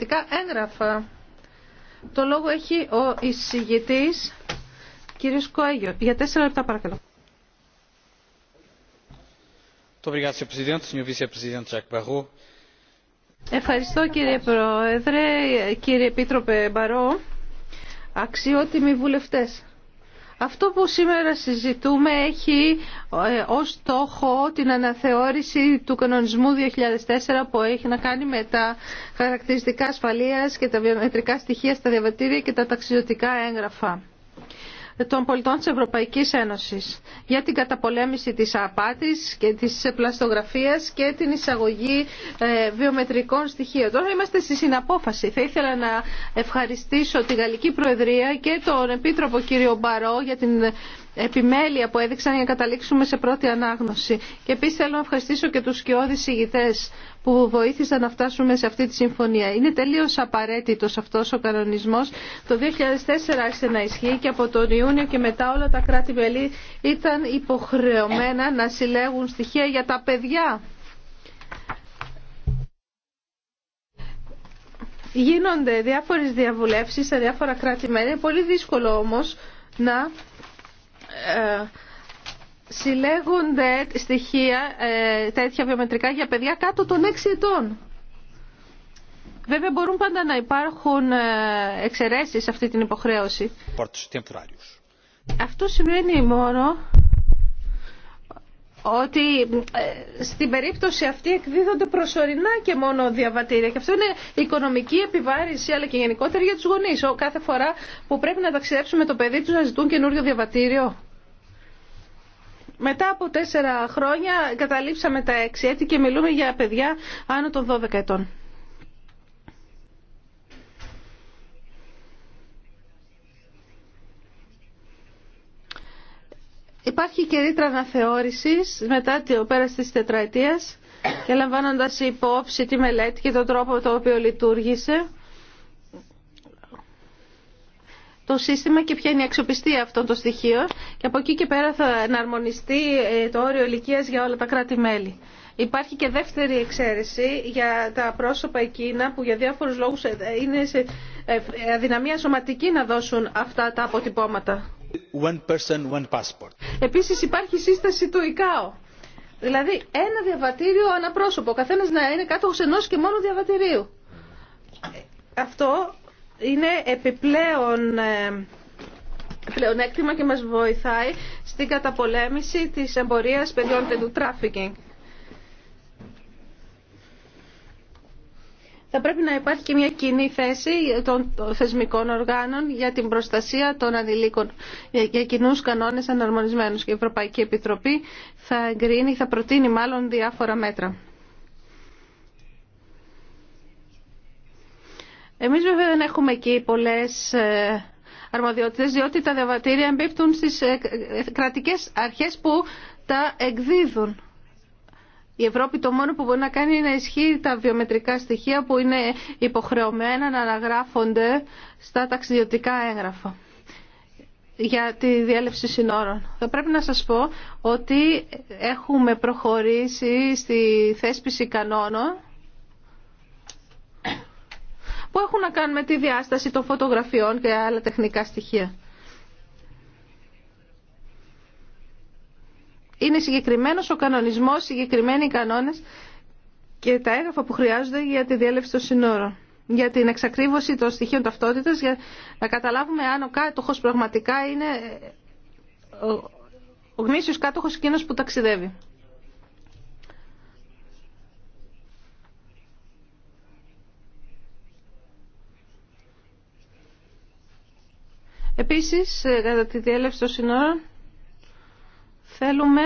σχετικά έγγραφα. Το λόγο έχει ο εισηγητής κύριος Κοέγιο. Για τέσσερα λεπτά παρακαλώ. Ευχαριστώ κύριε Πρόεδρε, κύριε Επίτροπε Μπαρό, αξιότιμοι βουλευτές. Αυτό που σήμερα συζητούμε έχει ε, ως στόχο την αναθεώρηση του κανονισμού 2004 που έχει να κάνει με τα χαρακτηριστικά ασφαλείας και τα βιομετρικά στοιχεία στα διαβατήρια και τα ταξιδιωτικά έγγραφα των πολιτών της Ευρωπαϊκής Ένωσης για την καταπολέμηση της απάτης και της πλαστογραφίας και την εισαγωγή ε, βιομετρικών στοιχείων. Τώρα είμαστε στη συναπόφαση. Θα ήθελα να ευχαριστήσω τη Γαλλική Προεδρία και τον Επίτροπο κύριο Μπαρό για την επιμέλεια που έδειξαν για να καταλήξουμε σε πρώτη ανάγνωση. Και επίσης θέλω να ευχαριστήσω και τους σκιώδεις ηγητές που βοήθησαν να φτάσουμε σε αυτή τη συμφωνία. Είναι τελείω απαραίτητος αυτός ο κανονισμός. Το 2004 άρχισε να ισχύει και από τον Ιούνιο και μετά όλα τα κράτη-μελή ήταν υποχρεωμένα να συλλέγουν στοιχεία για τα παιδιά. Γίνονται διάφορες διαβουλεύσεις σε διάφορα κράτη-μέλη. Είναι πολύ δύσκολο όμως να ε, συλλέγονται στοιχεία ε, τέτοια βιομετρικά για παιδιά κάτω των 6 ετών. Βέβαια μπορούν πάντα να υπάρχουν ε, εξαιρέσεις σε αυτή την υποχρέωση. Αυτό σημαίνει μόνο ότι ε, στην περίπτωση αυτή εκδίδονται προσωρινά και μόνο διαβατήρια και αυτό είναι οικονομική επιβάρηση αλλά και γενικότερα για τους γονείς. Κάθε φορά που πρέπει να ταξιδέψουμε το παιδί τους να ζητούν καινούριο διαβατήριο. Μετά από τέσσερα χρόνια καταλήψαμε τα έξι έτη και μιλούμε για παιδιά άνω των 12 ετών. Υπάρχει και ρήτρα αναθεώρηση μετά το πέρα τη τετραετία και λαμβάνοντα υπόψη τη μελέτη και τον τρόπο με τον οποίο λειτουργήσε. το σύστημα και ποια είναι η αξιοπιστία αυτών των στοιχείων και από εκεί και πέρα θα εναρμονιστεί ε, το όριο ηλικίας για όλα τα κράτη-μέλη. Υπάρχει και δεύτερη εξαίρεση για τα πρόσωπα εκείνα που για διάφορους λόγους ε, είναι σε ε, αδυναμία σωματική να δώσουν αυτά τα αποτυπώματα. One person, one passport. Επίσης υπάρχει σύσταση του ΙΚΑΟ. Δηλαδή ένα διαβατήριο αναπρόσωπο, καθένας να είναι κάτοχος ενός και μόνο διαβατηρίου. Αυτό είναι επιπλέον ε, πλεονέκτημα και μας βοηθάει στην καταπολέμηση της εμπορίας παιδιών και του τράφικινγκ. Θα πρέπει να υπάρχει και μια κοινή θέση των θεσμικών οργάνων για την προστασία των ανηλίκων για κοινού κανόνες αναρμονισμένους. Και η Ευρωπαϊκή Επιτροπή θα εγκρίνει, θα προτείνει μάλλον διάφορα μέτρα. Εμείς βέβαια δεν έχουμε εκεί πολλές ε, αρμοδιότητες, διότι τα διαβατήρια εμπίπτουν στις ε, κρατικές αρχές που τα εκδίδουν. Η Ευρώπη το μόνο που μπορεί να κάνει είναι να ισχύει τα βιομετρικά στοιχεία που είναι υποχρεωμένα να αναγράφονται στα ταξιδιωτικά έγγραφα για τη διέλευση συνόρων. Θα πρέπει να σας πω ότι έχουμε προχωρήσει στη θέσπιση κανόνων που έχουν να κάνουν με τη διάσταση των φωτογραφιών και άλλα τεχνικά στοιχεία. Είναι συγκεκριμένος ο κανονισμός, συγκεκριμένοι οι κανόνες και τα έγγραφα που χρειάζονται για τη διέλευση των συνόρων. Για την εξακρίβωση των στοιχείων ταυτότητας, για να καταλάβουμε αν ο κάτοχος πραγματικά είναι ο γνήσιος κάτοχος εκείνος που ταξιδεύει. Επίσης, ε, κατά τη διέλευση των συνόρων, θέλουμε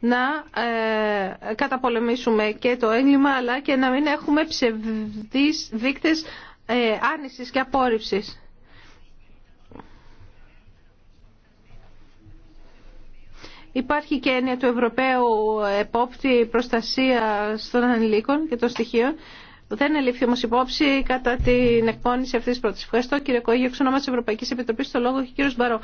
να ε, καταπολεμήσουμε και το έγκλημα, αλλά και να μην έχουμε ψευδείς δείκτες ε, άνησης και απόρριψης. Υπάρχει και έννοια του Ευρωπαίου επόπτη προστασία των ανηλίκων και των στοιχείων δεν ελήφθη όμω υπόψη κατά την εκπόνηση αυτή τη πρόταση. Ευχαριστώ κύριε Κόγιο. Εξ ονόμα τη Ευρωπαϊκή Επιτροπή, το λόγο έχει κύριο Μπαρό.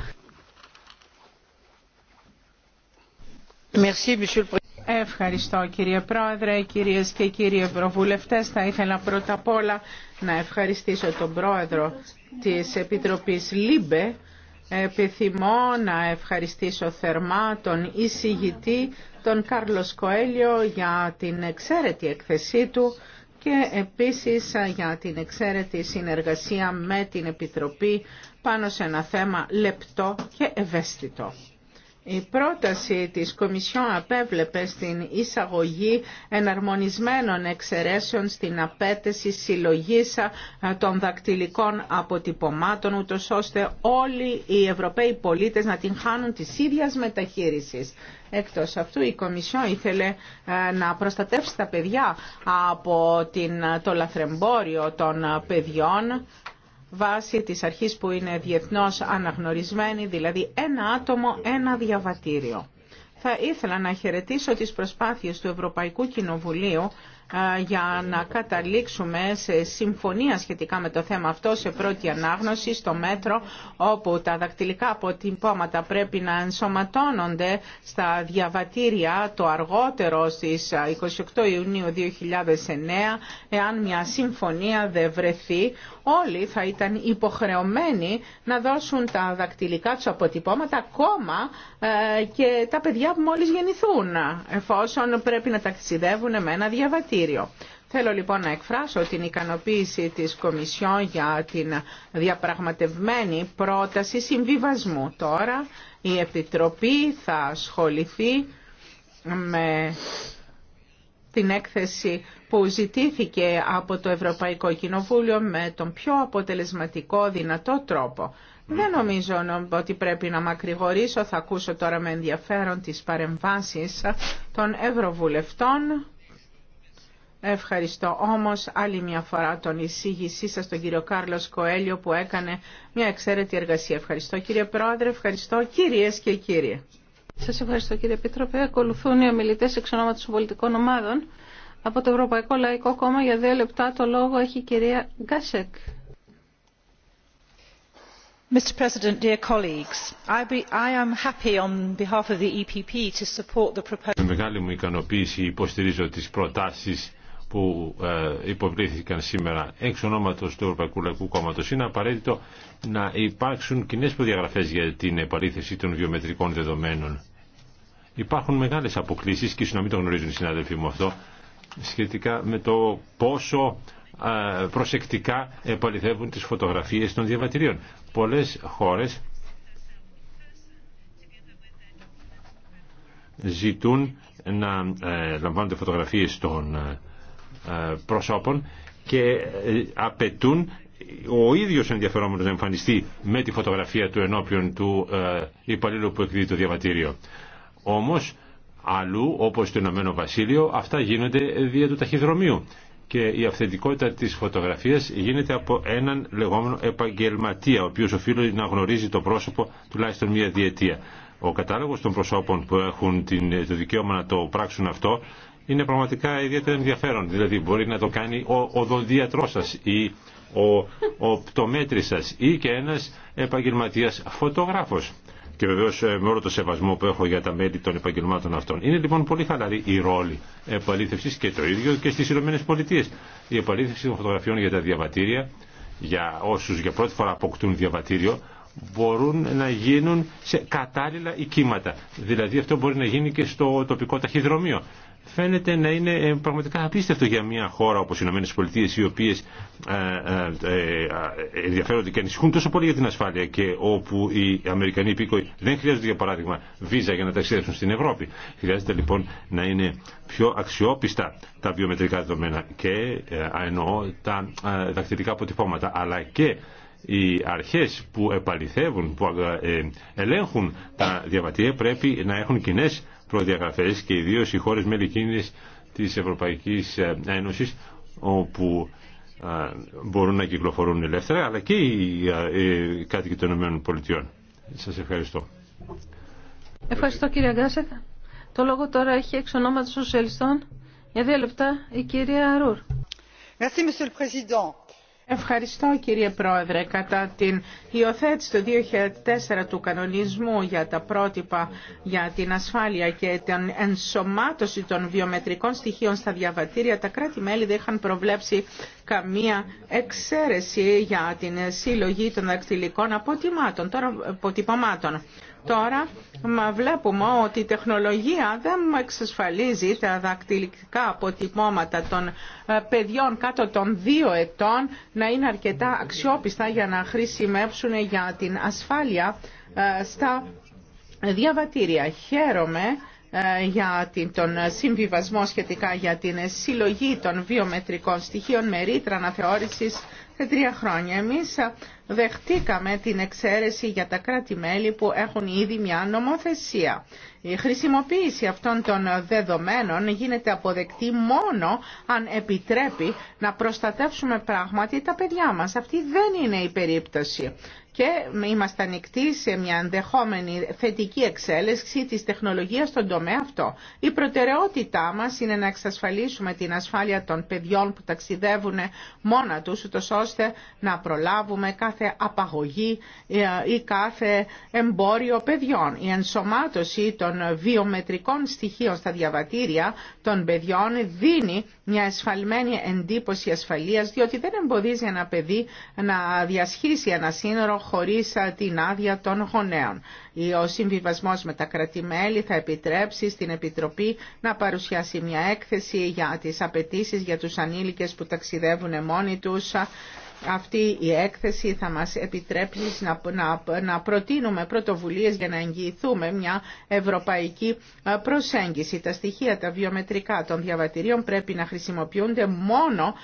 Ευχαριστώ κύριε Πρόεδρε, κυρίες και κύριοι Ευρωβουλευτές. Θα ήθελα πρώτα απ' όλα να ευχαριστήσω τον Πρόεδρο της Επιτροπής ΛΥΜΠΕ. Επιθυμώ να ευχαριστήσω θερμά τον εισηγητή, τον Κάρλος Κοέλιο, για την εξαίρετη εκθεσή του και επίσης για την εξαίρετη συνεργασία με την Επιτροπή πάνω σε ένα θέμα λεπτό και ευαίσθητο. Η πρόταση της Κομισιόν απέβλεπε στην εισαγωγή εναρμονισμένων εξαιρέσεων στην απέτηση συλλογής των δακτυλικών αποτυπωμάτων, ούτως ώστε όλοι οι Ευρωπαίοι πολίτες να την χάνουν της ίδιας μεταχείρισης. Εκτός αυτού η Κομισιόν ήθελε να προστατεύσει τα παιδιά από την, το λαθρεμπόριο των παιδιών βάσει της αρχής που είναι διεθνώς αναγνωρισμένη, δηλαδή ένα άτομο, ένα διαβατήριο. Θα ήθελα να χαιρετήσω τις προσπάθειες του Ευρωπαϊκού Κοινοβουλίου για να καταλήξουμε σε συμφωνία σχετικά με το θέμα αυτό σε πρώτη ανάγνωση στο μέτρο όπου τα δακτυλικά αποτυπώματα πρέπει να ενσωματώνονται στα διαβατήρια το αργότερο στις 28 Ιουνίου 2009 εάν μια συμφωνία δεν βρεθεί όλοι θα ήταν υποχρεωμένοι να δώσουν τα δακτυλικά τους αποτυπώματα ακόμα ε, και τα παιδιά που μόλις γεννηθούν εφόσον πρέπει να ταξιδεύουν με ένα διαβατήριο. Θέλω λοιπόν να εκφράσω την ικανοποίηση της Κομισιόν για την διαπραγματευμένη πρόταση συμβιβασμού. Τώρα η Επιτροπή θα ασχοληθεί με την έκθεση που ζητήθηκε από το Ευρωπαϊκό Κοινοβούλιο με τον πιο αποτελεσματικό δυνατό τρόπο. Δεν νομίζω ότι πρέπει να μακρηγορήσω. Θα ακούσω τώρα με ενδιαφέρον τις παρεμβάσεις των Ευρωβουλευτών. Ευχαριστώ όμως άλλη μια φορά τον εισήγησή σας, τον κύριο Κάρλος Κοέλιο που έκανε μια εξαίρετη εργασία. Ευχαριστώ κύριε Πρόεδρε, ευχαριστώ κυρίες και κύριοι. Σας ευχαριστώ κύριε Επίτροπε. Ακολουθούν οι ομιλητές εξ ονόματος των πολιτικών ομάδων. Από το Ευρωπαϊκό Λαϊκό Κόμμα για δύο λεπτά το λόγο έχει η κυρία Γκάσεκ. Mr President, dear colleagues, I am happy on behalf of the EPP to support the proposal. μεγάλη μου ικανοποίηση υποστηρίζω τις προτάσεις που ε, υποβλήθηκαν σήμερα εξ ονόματος του Ευρωπαϊκού Λαϊκού Κόμματος είναι απαραίτητο να υπάρξουν κοινέ προδιαγραφές για την επαλήθευση των βιομετρικών δεδομένων. Υπάρχουν μεγάλες αποκλήσεις και ίσως να μην το γνωρίζουν οι συνάδελφοί μου αυτό σχετικά με το πόσο ε, προσεκτικά επαληθεύουν τις φωτογραφίες των διαβατηρίων. Πολλές χώρες ζητούν να ε, λαμβάνονται φωτογραφίες των ε, προσώπων και ε, απαιτούν ο ίδιος ενδιαφερόμενος να εμφανιστεί με τη φωτογραφία του ενώπιον του ε, υπαλλήλου που εκδίδει το διαβατήριο. Όμως, αλλού, όπως το Ηνωμένο Βασίλειο, αυτά γίνονται δια του ταχυδρομείου και η αυθεντικότητα της φωτογραφίας γίνεται από έναν λεγόμενο επαγγελματία, ο οποίος οφείλει να γνωρίζει το πρόσωπο τουλάχιστον μία διετία. Ο κατάλογος των προσώπων που έχουν το δικαίωμα να το πράξουν αυτό είναι πραγματικά ιδιαίτερα ενδιαφέρον. Δηλαδή μπορεί να το κάνει ο οδοντίατρός σας ή ο πτωμέτρης σας ή και ένας επαγγελματίας φωτογράφος. Και βεβαίω ε, με όλο το σεβασμό που έχω για τα μέλη των επαγγελμάτων αυτών. Είναι λοιπόν πολύ χαλαρή η ρόλη επαλήθευση και το ίδιο και στι ΗΠΑ Η επαλήθευση των φωτογραφιών για τα διαβατήρια, για όσου για πρώτη φορά αποκτούν διαβατήριο, μπορούν να γίνουν σε κατάλληλα οικήματα. Δηλαδή αυτό μπορεί να γίνει και στο τοπικό ταχυδρομείο φαίνεται να είναι ε, πραγματικά απίστευτο για μια χώρα όπως οι Ηνωμένες Πολιτείες οι οποίες ε, ε, ενδιαφέρονται και ανησυχούν τόσο πολύ για την ασφάλεια και όπου οι Αμερικανοί υπήκοοι δεν χρειάζονται για παράδειγμα βίζα για να ταξιδέψουν στην Ευρώπη. Χρειάζεται λοιπόν να είναι πιο αξιόπιστα τα βιομετρικά δεδομένα και εννοώ τα δακτυλικά αποτυπώματα αλλά και οι αρχές που επαληθεύουν, που ελέγχουν τα διαβατήρια πρέπει να έχουν κοινέ προδιαγραφές και ιδίως οι χώρες μέλη της Ευρωπαϊκής ε, Ένωσης όπου ε, μπορούν να κυκλοφορούν ελεύθερα αλλά και οι ε, κάτοικοι των ΗΠΑ. Σας ευχαριστώ. Ευχαριστώ κύριε Γκάσεκ. Το λόγο τώρα έχει εξ ονόματος σοσιαλιστών για δύο λεπτά η κυρία Ρουρ. Ευχαριστώ κύριε Πρόεδρε. Κατά την υιοθέτηση του 2004 του κανονισμού για τα πρότυπα για την ασφάλεια και την ενσωμάτωση των βιομετρικών στοιχείων στα διαβατήρια, τα κράτη-μέλη δεν είχαν προβλέψει καμία εξαίρεση για την συλλογή των δακτυλικών αποτυπωμάτων. Τώρα, αποτυπωμάτων. Τώρα μα βλέπουμε ότι η τεχνολογία δεν εξασφαλίζει τα δακτυλικά αποτυπώματα των ε, παιδιών κάτω των δύο ετών να είναι αρκετά αξιόπιστα για να χρησιμεύσουν για την ασφάλεια ε, στα διαβατήρια. Χαίρομαι ε, για τον συμβιβασμό σχετικά για την συλλογή των βιομετρικών στοιχείων με ρήτρα αναθεώρησης σε τρία χρόνια. Εμείς ε, δεχτήκαμε την εξαίρεση για τα κράτη-μέλη που έχουν ήδη μια νομοθεσία. Η χρησιμοποίηση αυτών των δεδομένων γίνεται αποδεκτή μόνο αν επιτρέπει να προστατεύσουμε πράγματι τα παιδιά μας. Αυτή δεν είναι η περίπτωση και είμαστε ανοιχτοί σε μια ενδεχόμενη θετική εξέλιξη της τεχνολογίας στον τομέα αυτό. Η προτεραιότητά μας είναι να εξασφαλίσουμε την ασφάλεια των παιδιών που ταξιδεύουν μόνα τους, ούτως ώστε να προλάβουμε κάθε απαγωγή ε, ή κάθε εμπόριο παιδιών. Η ενσωμάτωση των βιομετρικών στοιχείων στα διαβατήρια των παιδιών δίνει μια εσφαλμένη εντύπωση ασφαλείας, διότι δεν εμποδίζει ένα παιδί να διασχίσει ένα σύνορο χωρίς την άδεια των γονέων. Ο συμβιβασμός με τα κρατημέλη θα επιτρέψει στην Επιτροπή να παρουσιάσει μια έκθεση για τις απαιτήσει για τους ανήλικες που ταξιδεύουν μόνοι τους αυτή η έκθεση θα μας επιτρέψει να, να, να προτείνουμε πρωτοβουλίες για να εγγυηθούμε μια ευρωπαϊκή ε, προσέγγιση. Τα στοιχεία, τα βιομετρικά των διαβατηρίων πρέπει να χρησιμοποιούνται μόνο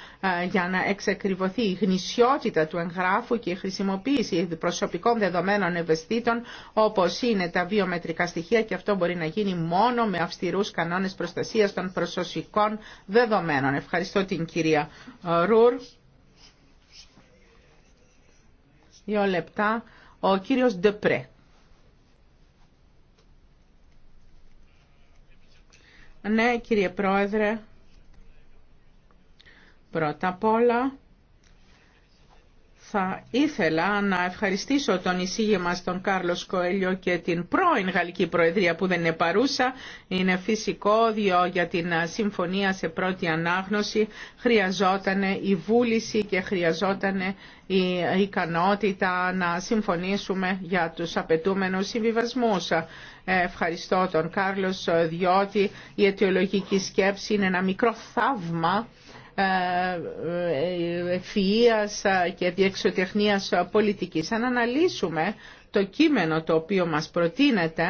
ε, για να εξεκριβωθεί η γνησιότητα του εγγράφου και η χρησιμοποίηση προσωπικών δεδομένων ευαισθητών όπως είναι τα βιομετρικά στοιχεία και αυτό μπορεί να γίνει μόνο με αυστηρούς κανόνες προστασίας των προσωσικών δεδομένων. Ευχαριστώ την κυρία ε, Ρουρ. Δύο λεπτά. Ο κύριος Ντεπρέ. Ναι, κύριε Πρόεδρε. Πρώτα απ' όλα θα ήθελα να ευχαριστήσω τον εισήγη μας τον Κάρλος Κοέλιο και την πρώην Γαλλική Προεδρία που δεν είναι παρούσα. Είναι φυσικό διό για την συμφωνία σε πρώτη ανάγνωση χρειαζόταν η βούληση και χρειαζόταν η ικανότητα να συμφωνήσουμε για τους απαιτούμενους συμβιβασμούς. Ε, ευχαριστώ τον Κάρλος ε, διότι η αιτιολογική σκέψη είναι ένα μικρό θαύμα ε, ε, ευφυΐας και διεξοτεχνίας πολιτικής. Αν αναλύσουμε το κείμενο το οποίο μας προτείνεται,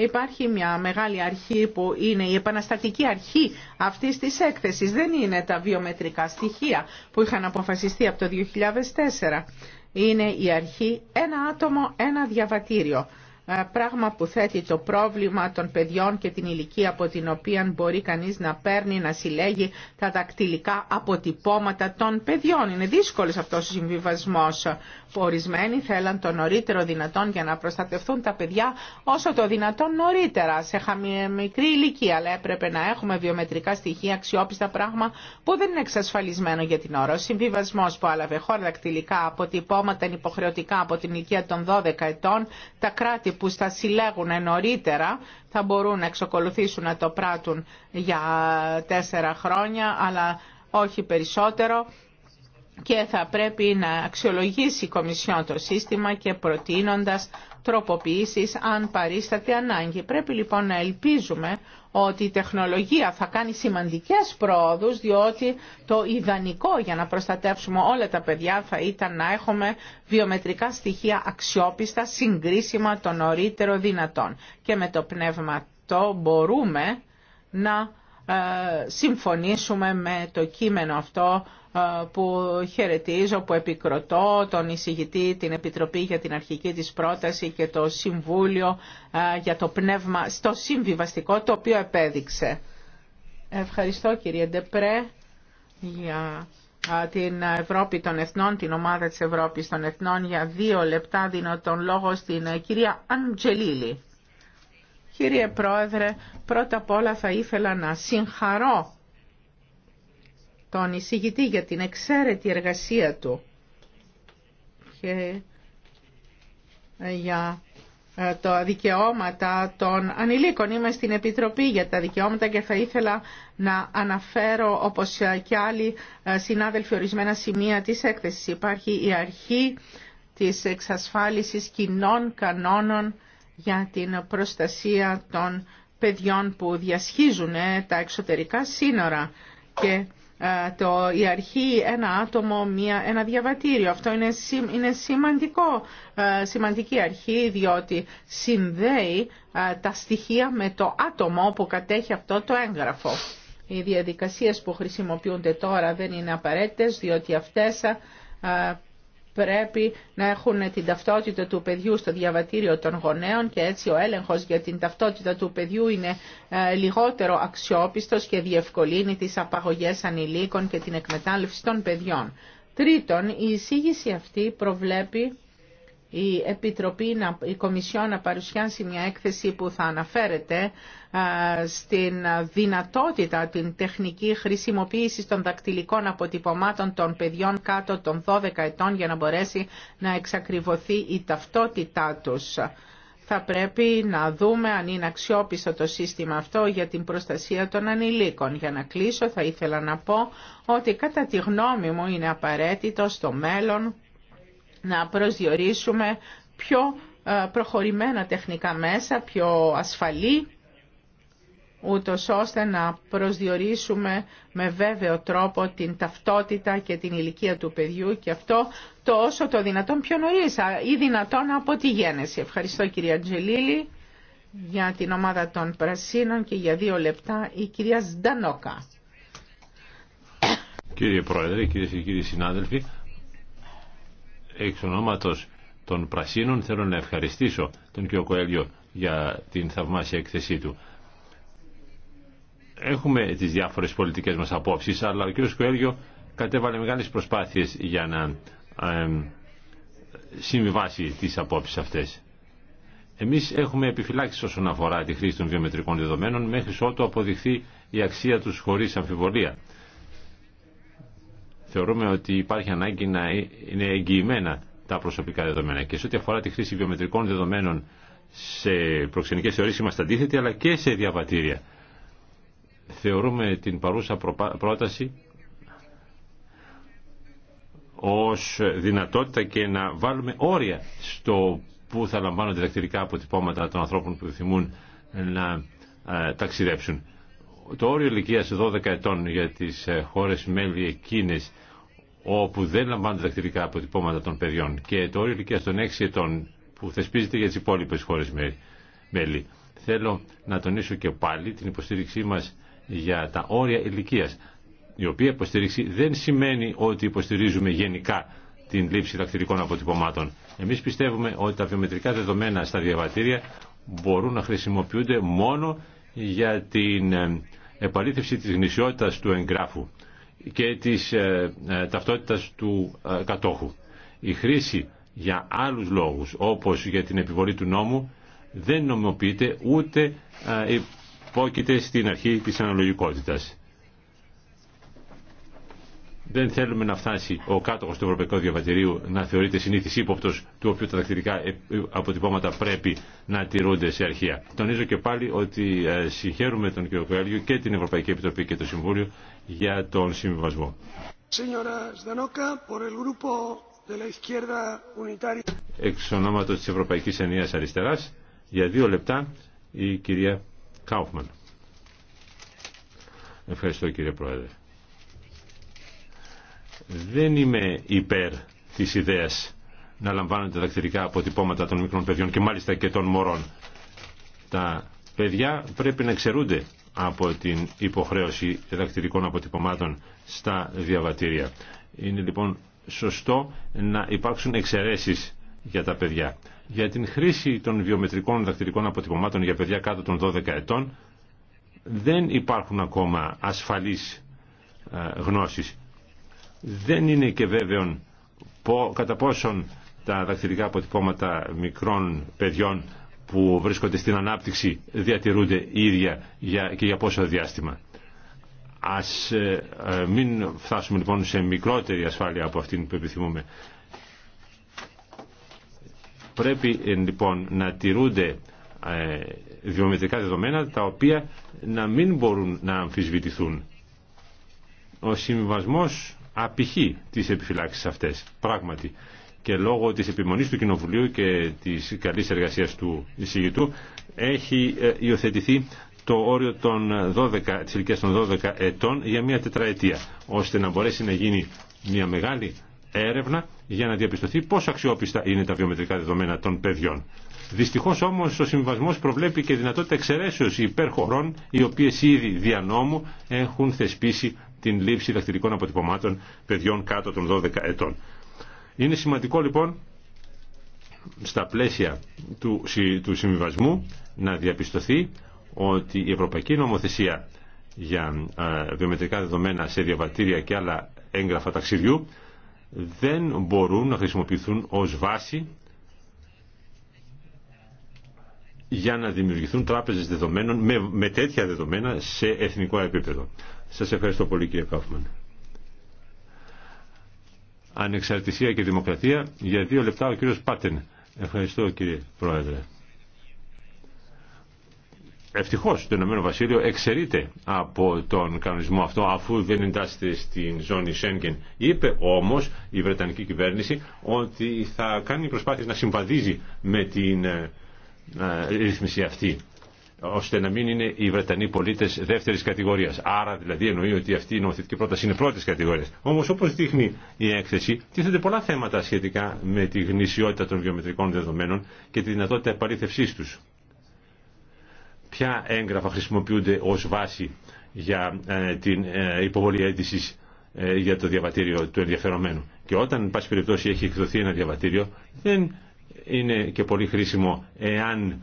Υπάρχει μια μεγάλη αρχή που είναι η επαναστατική αρχή αυτής της έκθεσης. Δεν είναι τα βιομετρικά στοιχεία που είχαν αποφασιστεί από το 2004. Είναι η αρχή ένα άτομο, ένα διαβατήριο. Ε, πράγμα που θέτει το πρόβλημα των παιδιών και την ηλικία από την οποία μπορεί κανείς να παίρνει, να συλλέγει τα δακτυλικά αποτυπώματα των παιδιών. Είναι δύσκολος αυτός ο συμβιβασμός που ορισμένοι θέλαν το νωρίτερο δυνατόν για να προστατευτούν τα παιδιά όσο το δυνατόν νωρίτερα σε μικρή ηλικία, αλλά έπρεπε να έχουμε βιομετρικά στοιχεία, αξιόπιστα πράγμα που δεν είναι εξασφαλισμένο για την ώρα. Ο συμβιβασμό που έλαβε χώρα δακτυλικά αποτυπώματα είναι υποχρεωτικά από την ηλικία των 12 ετών. Τα κράτη που στα συλλέγουν νωρίτερα θα μπορούν να εξοκολουθήσουν να το πράττουν για τέσσερα χρόνια, αλλά όχι περισσότερο και θα πρέπει να αξιολογήσει η Κομισιόν το σύστημα και προτείνοντας τροποποιήσεις αν παρίσταται ανάγκη. Πρέπει λοιπόν να ελπίζουμε ότι η τεχνολογία θα κάνει σημαντικές πρόοδους διότι το ιδανικό για να προστατεύσουμε όλα τα παιδιά θα ήταν να έχουμε βιομετρικά στοιχεία αξιόπιστα, συγκρίσιμα των νωρίτερο δυνατόν. Και με το πνεύμα το μπορούμε να ε, συμφωνήσουμε με το κείμενο αυτό ε, που χαιρετίζω, που επικροτώ τον εισηγητή, την Επιτροπή για την αρχική της πρόταση και το Συμβούλιο ε, για το πνεύμα στο συμβιβαστικό το οποίο επέδειξε. Ευχαριστώ κύριε Ντεπρέ για την Ευρώπη των Εθνών, την ομάδα της Ευρώπης των Εθνών. Για δύο λεπτά δίνω τον λόγο στην κυρία Αντζελίλη. Κύριε Πρόεδρε, πρώτα απ' όλα θα ήθελα να συγχαρώ τον εισηγητή για την εξαίρετη εργασία του και ε, για ε, τα δικαιώματα των ανηλίκων. Είμαι στην Επιτροπή για τα δικαιώματα και θα ήθελα να αναφέρω, όπως και άλλοι ε, συνάδελφοι, ορισμένα σημεία της έκθεσης. Υπάρχει η αρχή της εξασφάλισης κοινών κανόνων για την προστασία των παιδιών που διασχίζουν ε, τα εξωτερικά σύνορα και ε, το, η αρχή ένα άτομο, μια, ένα διαβατήριο. Αυτό είναι, σημαντικό, ε, σημαντική αρχή διότι συνδέει τα στοιχεία με το άτομο που κατέχει αυτό το έγγραφο. Οι διαδικασίες που χρησιμοποιούνται τώρα δεν είναι απαραίτητες διότι αυτές πρέπει να έχουν την ταυτότητα του παιδιού στο διαβατήριο των γονέων και έτσι ο έλεγχος για την ταυτότητα του παιδιού είναι ε, λιγότερο αξιόπιστος και διευκολύνει τις απαγωγές ανηλίκων και την εκμετάλλευση των παιδιών. Τρίτον, η εισήγηση αυτή προβλέπει η Επιτροπή, η Κομισιό να παρουσιάσει μια έκθεση που θα αναφέρεται στην δυνατότητα, την τεχνική χρησιμοποίηση των δακτυλικών αποτυπωμάτων των παιδιών κάτω των 12 ετών για να μπορέσει να εξακριβωθεί η ταυτότητά τους. Θα πρέπει να δούμε αν είναι αξιόπιστο το σύστημα αυτό για την προστασία των ανηλίκων. Για να κλείσω θα ήθελα να πω ότι κατά τη γνώμη μου είναι απαραίτητο στο μέλλον να προσδιορίσουμε πιο ε, προχωρημένα τεχνικά μέσα, πιο ασφαλή, ούτω ώστε να προσδιορίσουμε με βέβαιο τρόπο την ταυτότητα και την ηλικία του παιδιού και αυτό το όσο το δυνατόν πιο νωρίς ή δυνατόν από τη γέννηση. Ευχαριστώ κυρία Τζελίλη για την ομάδα των Πρασίνων και για δύο λεπτά η κυρία Σντανόκα. Κύριε Πρόεδρε, κυρίες και κύριοι συνάδελφοι, Εξ ονόματος των Πρασίνων θέλω να ευχαριστήσω τον κ. Κοέλιο για την θαυμάσια εκθεσή του. Έχουμε τις διάφορες πολιτικές μας απόψεις, αλλά ο κ. Κοέλιο κατέβαλε μεγάλες προσπάθειες για να συμβιβάσει τις απόψεις αυτές. Εμείς έχουμε επιφυλάξει όσον αφορά τη χρήση των βιομετρικών δεδομένων μέχρι ότου αποδειχθεί η αξία τους χωρίς αμφιβολία θεωρούμε ότι υπάρχει ανάγκη να είναι εγγυημένα τα προσωπικά δεδομένα. Και σε ό,τι αφορά τη χρήση βιομετρικών δεδομένων σε προξενικές θεωρήσεις είμαστε αντίθετοι, αλλά και σε διαβατήρια. Θεωρούμε την παρούσα πρόταση ως δυνατότητα και να βάλουμε όρια στο που θα λαμβάνονται δεκτυρικά αποτυπώματα των ανθρώπων που επιθυμούν να ε, ταξιδέψουν το όριο ηλικία 12 ετών για τι ε, χώρε μέλη εκείνε όπου δεν λαμβάνουν δακτυλικά αποτυπώματα των παιδιών και το όριο ηλικία των 6 ετών που θεσπίζεται για τι υπόλοιπε χώρε μέλη. Θέλω να τονίσω και πάλι την υποστήριξή μα για τα όρια ηλικία, η οποία υποστήριξη δεν σημαίνει ότι υποστηρίζουμε γενικά την λήψη δακτυλικών αποτυπωμάτων. Εμεί πιστεύουμε ότι τα βιομετρικά δεδομένα στα διαβατήρια μπορούν να χρησιμοποιούνται μόνο για την ε, επαλήθευση της γνησιότητας του εγγράφου και της ε, ε, ταυτότητας του κατόχου. Η χρήση για άλλους λόγους, όπως για την επιβολή του νόμου, δεν νομιμοποιείται ούτε υπόκειται στην αρχή της αναλογικότητας. Δεν θέλουμε να φτάσει ο κάτοχο του Ευρωπαϊκού Διαβατηρίου να θεωρείται συνήθι ύποπτο, του οποίου τα δακτυλικά ε, αποτυπώματα πρέπει να τηρούνται σε αρχεία. Τονίζω και πάλι ότι ε, συγχαίρουμε τον κύριο Κουέλγιο και την Ευρωπαϊκή Επιτροπή και το Συμβούλιο για τον συμβιβασμό. Εξ ονόματο τη Ευρωπαϊκή Ενία Αριστερά, για δύο λεπτά η κυρία Κάουφμαν. Ευχαριστώ κύριε Πρόεδρε. Δεν είμαι υπέρ της ιδέας να λαμβάνονται δακτυρικά αποτυπώματα των μικρών παιδιών και μάλιστα και των μωρών. Τα παιδιά πρέπει να ξερούνται από την υποχρέωση δακτυρικών αποτυπωμάτων στα διαβατήρια. Είναι λοιπόν σωστό να υπάρξουν εξαιρέσει για τα παιδιά. Για την χρήση των βιομετρικών δακτυλικών αποτυπωμάτων για παιδιά κάτω των 12 ετών δεν υπάρχουν ακόμα ασφαλείς ε, γνώσεις. Δεν είναι και βέβαιον κατά πόσον τα δακτυλικά αποτυπώματα μικρών παιδιών που βρίσκονται στην ανάπτυξη διατηρούνται ίδια και για πόσο διάστημα. Ας ε, ε, μην φτάσουμε λοιπόν σε μικρότερη ασφάλεια από αυτήν που επιθυμούμε. Πρέπει ε, λοιπόν να τηρούνται βιομετρικά δεδομένα τα οποία να μην μπορούν να αμφισβητηθούν. Ο συμβασμός απηχεί τι επιφυλάξει αυτέ, πράγματι. Και λόγω τη επιμονή του Κοινοβουλίου και τη καλή εργασία του εισηγητού έχει ε, υιοθετηθεί το όριο των 12, της ηλικίας των 12 ετών για μια τετραετία, ώστε να μπορέσει να γίνει μια μεγάλη έρευνα για να διαπιστωθεί πόσο αξιόπιστα είναι τα βιομετρικά δεδομένα των παιδιών. Δυστυχώ όμω ο συμβασμό προβλέπει και δυνατότητα εξαιρέσεω υπερχορών οι οποίε ήδη δια νόμου έχουν θεσπίσει την λήψη δαχτυλικών αποτυπωμάτων παιδιών κάτω των 12 ετών. Είναι σημαντικό λοιπόν στα πλαίσια του, του συμβιβασμού να διαπιστωθεί ότι η Ευρωπαϊκή Νομοθεσία για βιομετρικά δεδομένα σε διαβατήρια και άλλα έγγραφα ταξιδιού δεν μπορούν να χρησιμοποιηθούν ως βάση για να δημιουργηθούν τράπεζες δεδομένων με τέτοια δεδομένα σε εθνικό επίπεδο. Σας ευχαριστώ πολύ κύριε Κάφμαν. Ανεξαρτησία και δημοκρατία. Για δύο λεπτά ο κύριος Πάτεν. Ευχαριστώ κύριε Πρόεδρε. Ευτυχώ το Ηνωμένο Βασίλειο εξαιρείται από τον κανονισμό αυτό αφού δεν εντάσσεται στην ζώνη Σέγγεν. Είπε όμω η Βρετανική κυβέρνηση ότι θα κάνει προσπάθειες να συμβαδίζει με την ε, ρύθμιση αυτή ώστε να μην είναι οι Βρετανοί πολίτε δεύτερη κατηγορία. Άρα δηλαδή εννοεί ότι αυτή η νομοθετική πρόταση είναι πρώτη κατηγορία. Όμω όπω δείχνει η έκθεση, τίθενται πολλά θέματα σχετικά με τη γνησιότητα των βιομετρικών δεδομένων και τη δυνατότητα επαλήθευσή του. Ποια έγγραφα χρησιμοποιούνται ω βάση για ε, την ε, υποβολή αίτηση ε, για το διαβατήριο του ενδιαφερομένου. Και όταν, εν πάση περιπτώσει, έχει εκδοθεί ένα διαβατήριο, δεν είναι και πολύ χρήσιμο εάν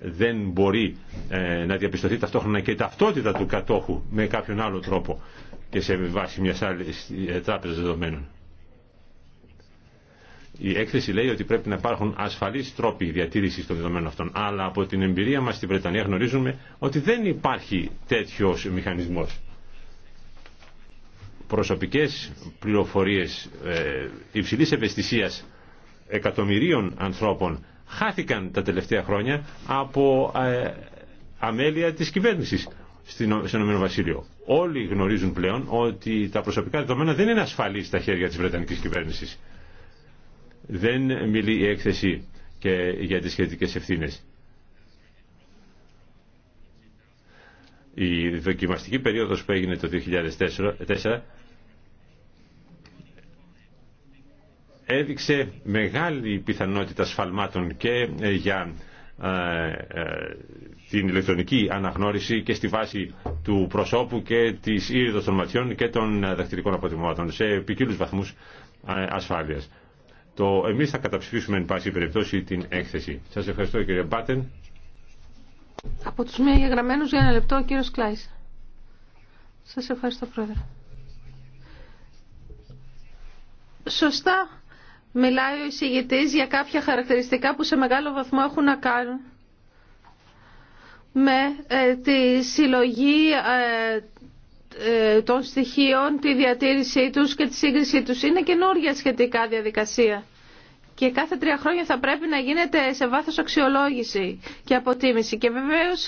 δεν μπορεί ε, να διαπιστωθεί ταυτόχρονα και η ταυτότητα του κατόχου με κάποιον άλλο τρόπο και σε βάση μιας άλλης ε, τράπεζας δεδομένων. Η έκθεση λέει ότι πρέπει να υπάρχουν ασφαλείς τρόποι διατήρησης των δεδομένων αυτών, αλλά από την εμπειρία μας στη Βρετανία γνωρίζουμε ότι δεν υπάρχει τέτοιος μηχανισμός. Προσωπικές πληροφορίες ε, υψηλής ευαισθησίας εκατομμυρίων ανθρώπων χάθηκαν τα τελευταία χρόνια από ε, αμέλεια της κυβέρνησης στην Ηνωμένο Βασίλειο. Όλοι γνωρίζουν πλέον ότι τα προσωπικά δεδομένα δεν είναι ασφαλή στα χέρια της Βρετανικής κυβέρνησης. Δεν μιλεί η έκθεση και για τις σχετικές ευθύνες. Η δοκιμαστική περίοδος που έγινε το 2004 έδειξε μεγάλη πιθανότητα σφαλμάτων και ε, για ε, ε, την ηλεκτρονική αναγνώριση και στη βάση του προσώπου και της ήρυδος των ματιών και των δακτυλικών αποτυπωμάτων σε ποικίλους βαθμούς ασφάλειας. Το εμείς θα καταψηφίσουμε εν πάση περιπτώσει την έκθεση. Σας ευχαριστώ κύριε Μπάτεν. Από τους μία γεγραμμένους για ένα λεπτό ο κύριος Κλάης. Σας ευχαριστώ πρόεδρε. Σωστά Μιλάει ο εισηγητής για κάποια χαρακτηριστικά που σε μεγάλο βαθμό έχουν να κάνουν με ε, τη συλλογή ε, ε, των στοιχείων, τη διατήρησή τους και τη σύγκρισή τους. Είναι καινούργια σχετικά διαδικασία. Και κάθε τρία χρόνια θα πρέπει να γίνεται σε βάθος αξιολόγηση και αποτίμηση. Και βεβαίως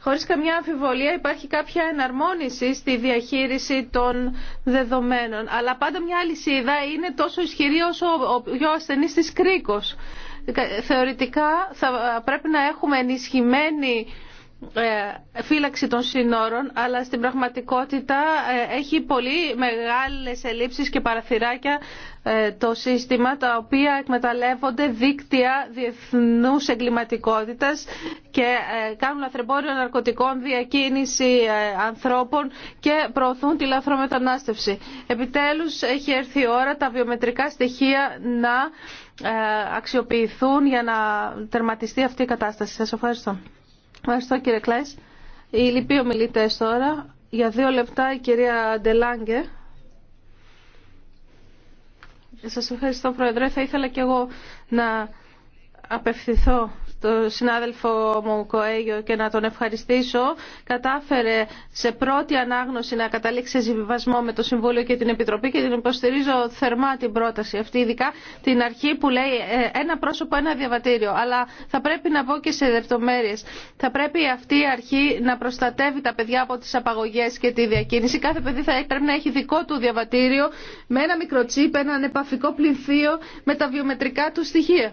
Χωρίς καμιά αμφιβολία υπάρχει κάποια εναρμόνιση στη διαχείριση των δεδομένων. Αλλά πάντα μια αλυσίδα είναι τόσο ισχυρή όσο ο πιο ασθενής της κρίκος. Θεωρητικά θα πρέπει να έχουμε ενισχυμένη ε, φύλαξη των συνόρων, αλλά στην πραγματικότητα ε, έχει πολύ μεγάλες ελλείψεις και παραθυράκια ε, το σύστημα τα οποία εκμεταλλεύονται δίκτυα διεθνούς εγκληματικότητας και ε, κάνουν λαθρεμπόριο ναρκωτικών, διακίνηση ε, ανθρώπων και προωθούν τη λαθρομετανάστευση. Επιτέλους έχει έρθει η ώρα τα βιομετρικά στοιχεία να αξιοποιηθούν για να τερματιστεί αυτή η κατάσταση. Σας ευχαριστώ. Ευχαριστώ κύριε Κλάις. Οι λοιποί ομιλητές τώρα. Για δύο λεπτά η κυρία Ντελάγκε. Σας ευχαριστώ Πρόεδρε. Θα ήθελα και εγώ να απευθυνθώ το συνάδελφο μου Κοέγιο και να τον ευχαριστήσω. Κατάφερε σε πρώτη ανάγνωση να καταλήξει σε συμβιβασμό με το Συμβούλιο και την Επιτροπή και την υποστηρίζω θερμά την πρόταση αυτή, ειδικά την αρχή που λέει ε, ένα πρόσωπο, ένα διαβατήριο. Αλλά θα πρέπει να βγω και σε λεπτομέρειε. Θα πρέπει αυτή η αρχή να προστατεύει τα παιδιά από τι απαγωγέ και τη διακίνηση. Κάθε παιδί θα πρέπει να έχει δικό του διαβατήριο με ένα μικροτσίπ, έναν επαφικό πληθείο με τα βιομετρικά του στοιχεία.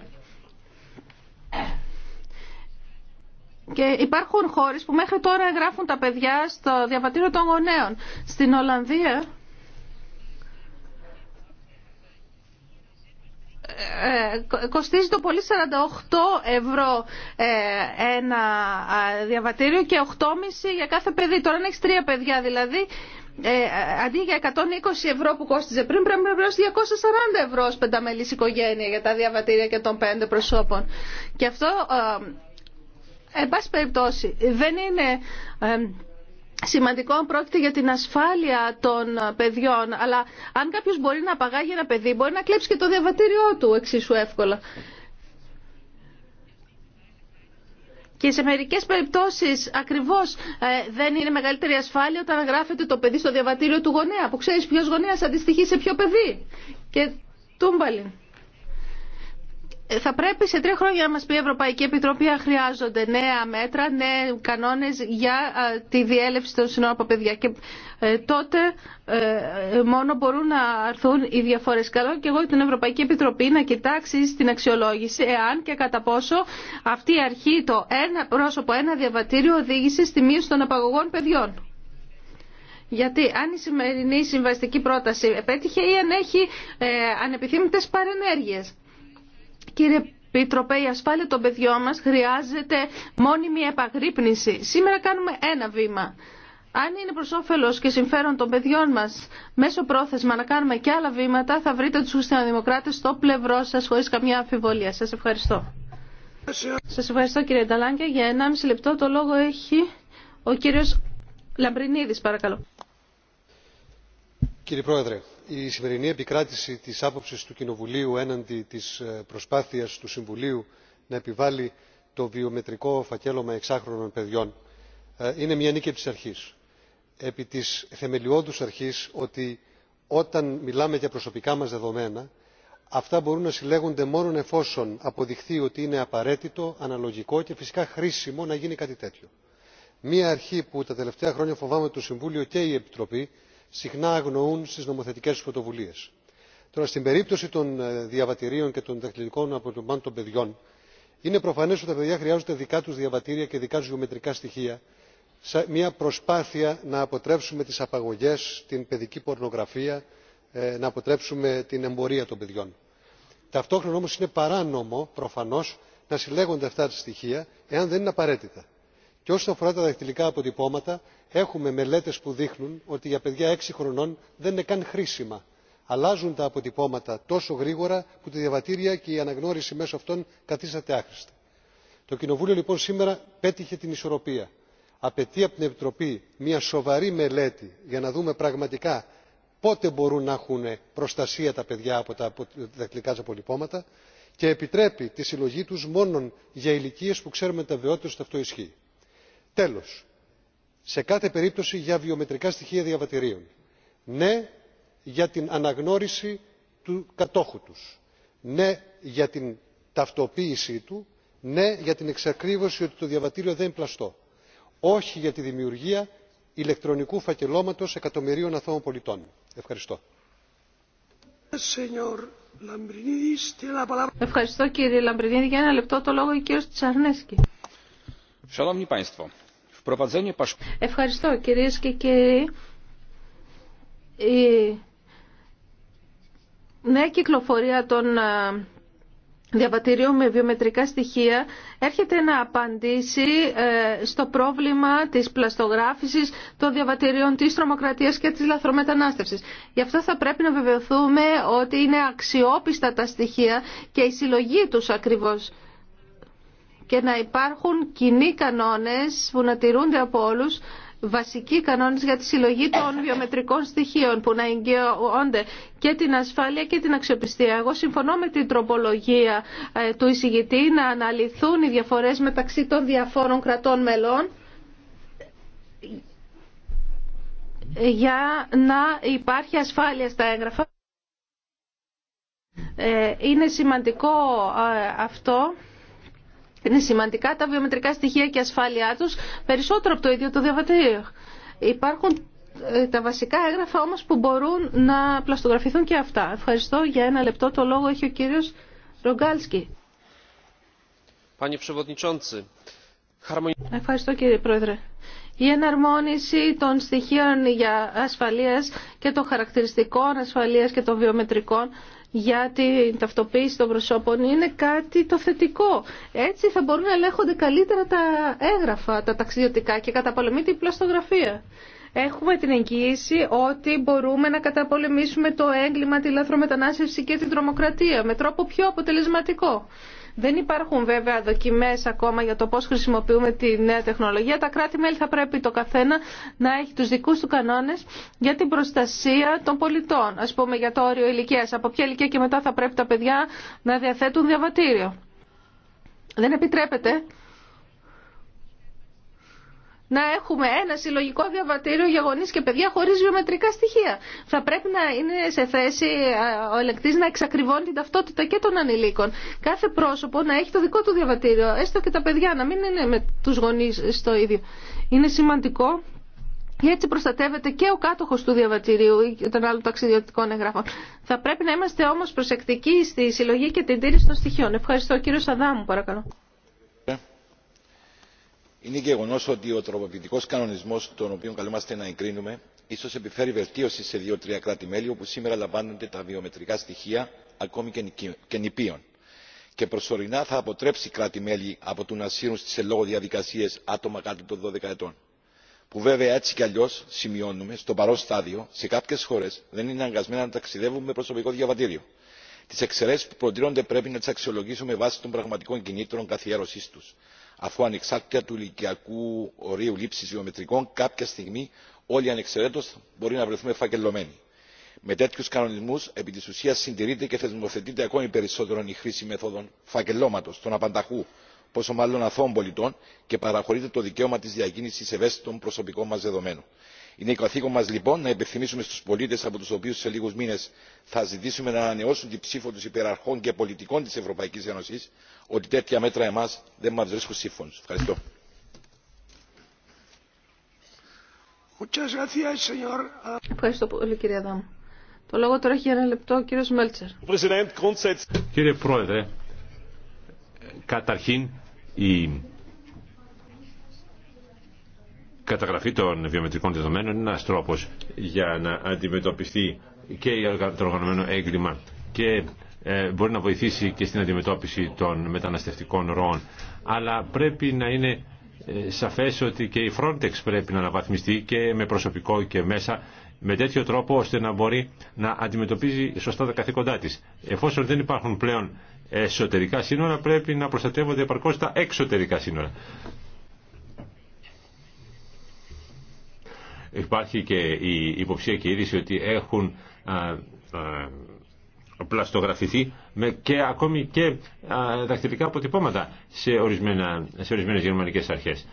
Και υπάρχουν χώρες που μέχρι τώρα εγγράφουν τα παιδιά στο διαβατήριο των γονέων. Στην Ολλανδία ε, κοστίζει το πολύ 48 ευρώ ε, ένα διαβατήριο και 8,5 για κάθε παιδί. Τώρα αν έχεις τρία παιδιά δηλαδή, ε, αντί για 120 ευρώ που κόστιζε πριν πρέπει να πληρώσει 240 ευρώ ως πενταμελής οικογένεια για τα διαβατήρια και των πέντε προσώπων. Και αυτό Εν πάση περιπτώσει, δεν είναι σημαντικό αν πρόκειται για την ασφάλεια των παιδιών, αλλά αν κάποιο μπορεί να απαγάγει ένα παιδί, μπορεί να κλέψει και το διαβατήριό του εξίσου εύκολα. Και σε μερικέ περιπτώσει ακριβώ ε, δεν είναι μεγαλύτερη ασφάλεια όταν γράφεται το παιδί στο διαβατήριο του γονέα, που ξέρει ποιο γονέα αντιστοιχεί σε ποιο παιδί. Και τούμπαλιν θα πρέπει σε τρία χρόνια να μας πει η Ευρωπαϊκή Επιτροπή αν χρειάζονται νέα μέτρα, νέα κανόνες για ε, τη διέλευση των συνόρων από παιδιά. Και ε, τότε ε, μόνο μπορούν να αρθούν οι διαφορές. Καλό και εγώ την Ευρωπαϊκή Επιτροπή να κοιτάξει στην αξιολόγηση εάν και κατά πόσο αυτή η αρχή, το ένα πρόσωπο, ένα διαβατήριο οδήγησε στη μείωση των απαγωγών παιδιών. Γιατί αν η σημερινή συμβαστική πρόταση επέτυχε ή αν έχει ε, ανεπιθύμητες παρενέργειες. Κύριε Επίτροπε, η ασφάλεια των παιδιών μας χρειάζεται μόνιμη επαγρύπνηση. Σήμερα κάνουμε ένα βήμα. Αν είναι προς όφελος και συμφέρον των παιδιών μας μέσω πρόθεσμα να κάνουμε και άλλα βήματα, θα βρείτε τους χριστιανοδημοκράτες στο πλευρό σας χωρίς καμιά αμφιβολία. Σας ευχαριστώ. Σας ευχαριστώ κύριε Νταλάνκια. Για 1,5 λεπτό το λόγο έχει ο κύριος Λαμπρινίδης, παρακαλώ. Κύριε Πρόεδρε, η σημερινή επικράτηση της άποψης του κοινοβουλίου έναντι της ε, προσπάθειας του συμβουλίου να επιβάλει το βιομετρικό φακέλωμα εξάχρονων παιδιών ε, είναι μια νίκη επί της αρχής επί της θεμελιώδους αρχής ότι όταν μιλάμε για προσωπικά μας δεδομένα αυτά μπορούν να συλλέγονται μόνο εφόσον αποδειχθεί ότι είναι απαραίτητο αναλογικό και φυσικά χρήσιμο να γίνει κάτι τέτοιο. μια αρχή που τα τελευταία χρόνια φοβάμαι το συμβούλιο και η επιτροπή συχνά αγνοούν στι νομοθετικέ του πρωτοβουλίε. στην περίπτωση των ε, διαβατηρίων και των δαχτυλικών αποτυπωμάτων των παιδιών είναι προφανέ ότι τα παιδιά χρειάζονται δικά του διαβατήρια και δικά του γεωμετρικά στοιχεία σε μια προσπάθεια να αποτρέψουμε τι απαγωγέ την παιδική πορνογραφία ε, να αποτρέψουμε την εμπορία των παιδιών. ταυτόχρονα όμω είναι παράνομο προφανώ να συλλέγονται αυτά τα στοιχεία εάν δεν είναι απαραίτητα και όσον αφορά τα δακτυλικά αποτυπώματα έχουμε μελέτες που δείχνουν ότι για παιδιά έξι χρονών δεν είναι καν χρήσιμα αλλάζουν τα αποτυπώματα τόσο γρήγορα που τη διαβατήρια και η αναγνώριση μέσω αυτών καθίσταται άχρηστη. το κοινοβούλιο λοιπόν σήμερα πέτυχε την ισορροπία. απαιτεί από την επιτροπή μια σοβαρή μελέτη για να δούμε πραγματικά πότε μπορούν να έχουν προστασία τα παιδιά από τα δακτυλικά αποτυπώματα και επιτρέπει τη συλλογή τους μόνο για ηλικίες που ξέρουμε με βεβαιότητα ότι αυτό ισχύει τέλος σε κάθε περίπτωση για βιομετρικά στοιχεία διαβατηρίων ναι για την αναγνώριση του κατόχου τους ναι για την ταυτοποίησή του ναι για την εξακρίβωση ότι το διαβατήριο δεν είναι πλαστό όχι για τη δημιουργία ηλεκτρονικού φακελώματος εκατομμυρίων αθώων πολιτών. ευχαριστώ. ευχαριστώ κύριε λαμπρινίδη. για ένα λεπτό το λόγο Ευχαριστώ κυρίες και κύριοι. Η νέα κυκλοφορία των ε, διαβατηρίων με βιομετρικά στοιχεία έρχεται να απαντήσει ε, στο πρόβλημα της πλαστογράφησης των διαβατηρίων της τρομοκρατίας και της λαθρομετανάστευσης. Γι' αυτό θα πρέπει να βεβαιωθούμε ότι είναι αξιόπιστα τα στοιχεία και η συλλογή τους ακριβώς και να υπάρχουν κοινοί κανόνες που να τηρούνται από όλους βασικοί κανόνες για τη συλλογή των βιομετρικών στοιχείων που να εγγυώνται και την ασφάλεια και την αξιοπιστία. Εγώ συμφωνώ με την τροπολογία ε, του εισηγητή να αναλυθούν οι διαφορές μεταξύ των διαφόρων κρατών μελών για να υπάρχει ασφάλεια στα έγγραφα. Ε, είναι σημαντικό ε, αυτό. Είναι σημαντικά τα βιομετρικά στοιχεία και ασφάλειά τους περισσότερο από το ίδιο το διαβατήριο. Υπάρχουν ε, τα βασικά έγγραφα όμως που μπορούν να πλαστογραφηθούν και αυτά. Ευχαριστώ. Για ένα λεπτό το λόγο έχει ο κύριος Ρογκάλσκι. Ευχαριστώ κύριε Πρόεδρε. Η εναρμόνιση των στοιχείων για ασφαλείας και των χαρακτηριστικών ασφαλείας και των βιομετρικών για την ταυτοποίηση των προσώπων είναι κάτι το θετικό. Έτσι θα μπορούν να ελέγχονται καλύτερα τα έγγραφα, τα ταξιδιωτικά και καταπολεμεί την πλαστογραφία. Έχουμε την εγγύηση ότι μπορούμε να καταπολεμήσουμε το έγκλημα, τη λαθρομετανάστευση και την τρομοκρατία με τρόπο πιο αποτελεσματικό. Δεν υπάρχουν βέβαια δοκιμέ ακόμα για το πώς χρησιμοποιούμε τη νέα τεχνολογία. Τα κράτη-μέλη θα πρέπει το καθένα να έχει τους δικούς του κανόνες για την προστασία των πολιτών. Ας πούμε για το όριο ηλικία, Από ποια ηλικία και μετά θα πρέπει τα παιδιά να διαθέτουν διαβατήριο. Δεν επιτρέπεται να έχουμε ένα συλλογικό διαβατήριο για γονεί και παιδιά χωρί βιομετρικά στοιχεία. Θα πρέπει να είναι σε θέση ο ελεκτή να εξακριβώνει την ταυτότητα και των ανηλίκων. Κάθε πρόσωπο να έχει το δικό του διαβατήριο, έστω και τα παιδιά, να μην είναι με του γονεί στο ίδιο. Είναι σημαντικό και έτσι προστατεύεται και ο κάτοχος του διαβατηρίου ή των άλλων ταξιδιωτικών εγγράφων. Θα πρέπει να είμαστε όμως προσεκτικοί στη συλλογή και την τήρηση των στοιχείων. Ευχαριστώ κύριο Σαδάμου παρακαλώ είναι γεγονό ότι ο τροποποιητικό κανονισμό τον οποίο καλούμαστε να εγκρίνουμε ίσω επιφέρει βελτίωση σε δύο τρία κράτη μέλη όπου σήμερα λαμβάνονται τα βιομετρικά στοιχεία ακόμη και νηπίων και προσωρινά θα αποτρέψει κράτη μέλη από το να σύρουν σε λόγω διαδικασίε άτομα κάτω των δώδεκα ετών. Που βέβαια έτσι κι αλλιώ σημειώνουμε στο παρόν στάδιο σε κάποιε χώρε δεν είναι αναγκασμένα να ταξιδεύουν με προσωπικό διαβατήριο. Τι εξαιρέσει που προτείνονται πρέπει να τι αξιολογήσουμε βάσει των πραγματικών κινήτρων καθιέρωσή του αφού ανεξάρτητα του ηλικιακού ορίου λήψη βιομετρικών κάποια στιγμή όλοι ανεξαιρέτω μπορεί να βρεθούμε φακελωμένοι. Με τέτοιου κανονισμού επί τη ουσία συντηρείται και θεσμοθετείται ακόμη περισσότερο η χρήση μέθοδων φακελώματο, των απανταχού, πόσο μάλλον αθώων πολιτών και παραχωρείται το δικαίωμα τη διακίνηση ευαίσθητων προσωπικών μα δεδομένων. Είναι καθήκον μα λοιπόν να υπενθυμίσουμε στου πολίτε από του οποίου σε λίγου μήνε θα ζητήσουμε να ανανεώσουν την ψήφο του υπεραρχών και πολιτικών τη Ευρωπαϊκή Ένωση ότι τέτοια μέτρα εμά δεν μα βρίσκουν σύμφωνου. Ευχαριστώ. Η καταγραφή των βιομετρικών δεδομένων είναι ένας τρόπος για να αντιμετωπιστεί και το οργανωμένο έγκλημα και ε, μπορεί να βοηθήσει και στην αντιμετώπιση των μεταναστευτικών ροών. Αλλά πρέπει να είναι ε, σαφές ότι και η Frontex πρέπει να αναβαθμιστεί και με προσωπικό και μέσα με τέτοιο τρόπο ώστε να μπορεί να αντιμετωπίζει σωστά τα καθήκοντά της. Εφόσον δεν υπάρχουν πλέον εσωτερικά σύνορα πρέπει να προστατεύονται επαρκώ τα εξωτερικά σύνορα. Υπάρχει και η υποψία και η είδηση ότι έχουν πλαστογραφηθεί με και ακόμη και δακτυλικά αποτυπώματα σε, ορισμένα, σε ορισμένες γερμανικές αρχές.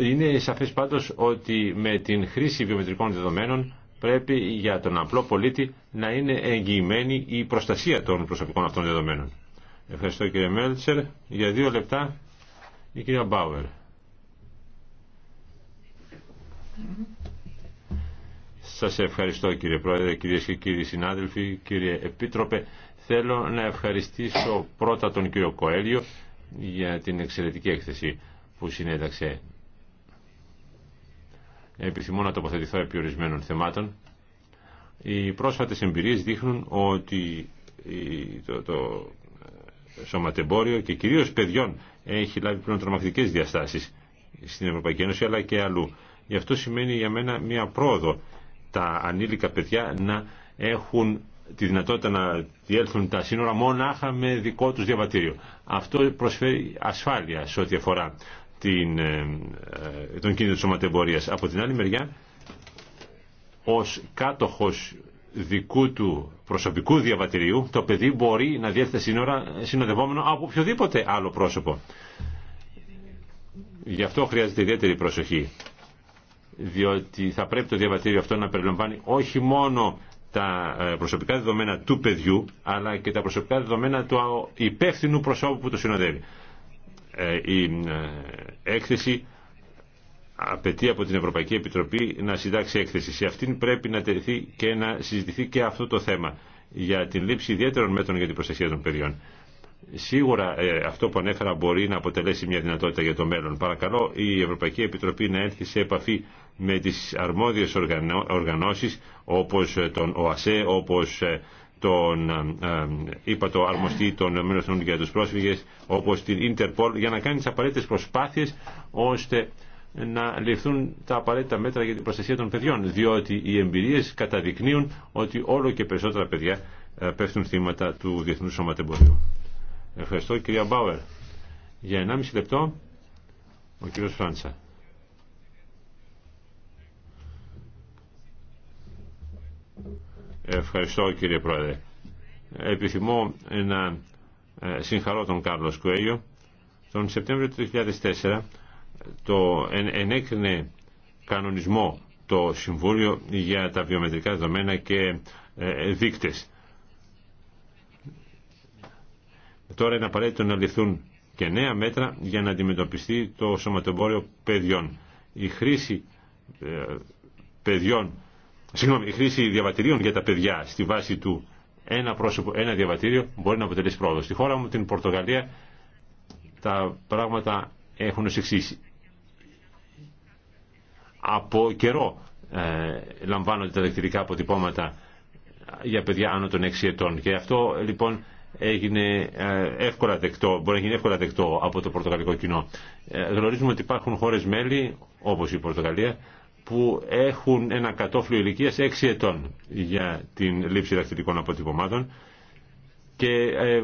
Είναι σαφές πάντως ότι με την χρήση βιομετρικών δεδομένων πρέπει για τον απλό πολίτη να είναι εγγυημένη η προστασία των προσωπικών αυτών δεδομένων. Ευχαριστώ κύριε Μέλτσερ. Για δύο λεπτά η κυρία Μπάουερ. Σας ευχαριστώ κύριε Πρόεδρε, κυρίες και κύριοι συνάδελφοι, κύριε Επίτροπε. Θέλω να ευχαριστήσω πρώτα τον κύριο Κοέλιο για την εξαιρετική έκθεση που συνέταξε επιθυμώ να τοποθετηθώ επί ορισμένων θεμάτων. Οι πρόσφατες εμπειρίες δείχνουν ότι το, το ε, σωματεμπόριο και κυρίως παιδιών έχει λάβει πλέον τρομακτικές διαστάσεις στην Ευρωπαϊκή Ένωση αλλά και αλλού. Γι' αυτό σημαίνει για μένα μια πρόοδο τα ανήλικα παιδιά να έχουν τη δυνατότητα να διέλθουν τα σύνορα μονάχα με δικό τους διαβατήριο. Αυτό προσφέρει ασφάλεια σε ό,τι αφορά την, ε, ε, τον κίνδυνο της σωματεμπορίας. Από την άλλη μεριά, ως κάτοχος δικού του προσωπικού διαβατηρίου, το παιδί μπορεί να διέθεται σύνορα συνοδευόμενο από οποιοδήποτε άλλο πρόσωπο. Γι' αυτό χρειάζεται ιδιαίτερη προσοχή, διότι θα πρέπει το διαβατήριο αυτό να περιλαμβάνει όχι μόνο τα ε, προσωπικά δεδομένα του παιδιού, αλλά και τα προσωπικά δεδομένα του υπεύθυνου προσώπου που το συνοδεύει. Ε, η ε, έκθεση απαιτεί από την Ευρωπαϊκή Επιτροπή να συντάξει έκθεση. Σε αυτήν πρέπει να τεθεί και να συζητηθεί και αυτό το θέμα για την λήψη ιδιαίτερων μέτρων για την προστασία των παιδιών. Σίγουρα ε, αυτό που ανέφερα μπορεί να αποτελέσει μια δυνατότητα για το μέλλον. Παρακαλώ η Ευρωπαϊκή Επιτροπή να έρθει σε επαφή με τις αρμόδιες οργανώσεις όπως τον ΟΑΣΕ, όπως τον είπα το αρμοστή των ΗΠΑ για τους πρόσφυγες όπως την Interpol για να κάνει τις απαραίτητες προσπάθειες ώστε να ληφθούν τα απαραίτητα μέτρα για την προστασία των παιδιών διότι οι εμπειρίες καταδεικνύουν ότι όλο και περισσότερα παιδιά ε, πέφτουν θύματα του Διεθνούς Σωματεμπορίου. Ευχαριστώ κυρία Μπάουερ. Για 1,5 λεπτό ο κύριος Φράντσα. Ευχαριστώ κύριε Πρόεδρε. Επιθυμώ να ε, συγχαρώ τον Κάρλος Κουέλιο. Τον Σεπτέμβριο του 2004 το ενέκρινε κανονισμό το Συμβούλιο για τα βιομετρικά δεδομένα και ε, δείκτες. Τώρα είναι απαραίτητο να ληφθούν και νέα μέτρα για να αντιμετωπιστεί το σωματεμπόριο παιδιών. Η χρήση ε, παιδιών Συγγνώμη, η χρήση διαβατηρίων για τα παιδιά στη βάση του ένα πρόσωπο, ένα διαβατήριο μπορεί να αποτελέσει πρόοδο. Στη χώρα μου, την Πορτογαλία, τα πράγματα έχουν ως εξής. Από καιρό ε, λαμβάνονται τα δεκτυρικά αποτυπώματα για παιδιά άνω των 6 ετών και αυτό λοιπόν έγινε ε, εύκολα μπορεί να γίνει εύκολα δεκτό από το πορτογαλικό κοινό. Ε, γνωρίζουμε ότι υπάρχουν χώρες μέλη, όπως η Πορτογαλία, που έχουν ένα κατόφλιο ηλικία 6 ετών για την λήψη δακτυλικών αποτυπωμάτων και ε,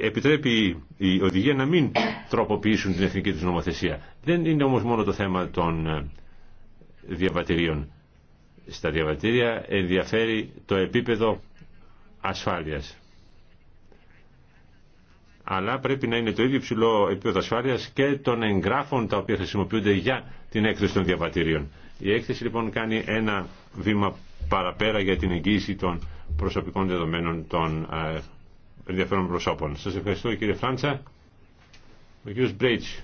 επιτρέπει η οδηγία να μην τροποποιήσουν την εθνική του νομοθεσία. Δεν είναι όμω μόνο το θέμα των ε, διαβατηρίων. Στα διαβατήρια ενδιαφέρει το επίπεδο ασφάλειας. Αλλά πρέπει να είναι το ίδιο υψηλό επίπεδο ασφάλεια και των εγγράφων τα οποία χρησιμοποιούνται για την έκδοση των διαβατηρίων. Η έκθεση λοιπόν κάνει ένα βήμα παραπέρα για την εγγύηση των προσωπικών δεδομένων των ε, ενδιαφέρον προσώπων. Σας ευχαριστώ κύριε Φράντσα. Ο κύριος Μπρέιτς.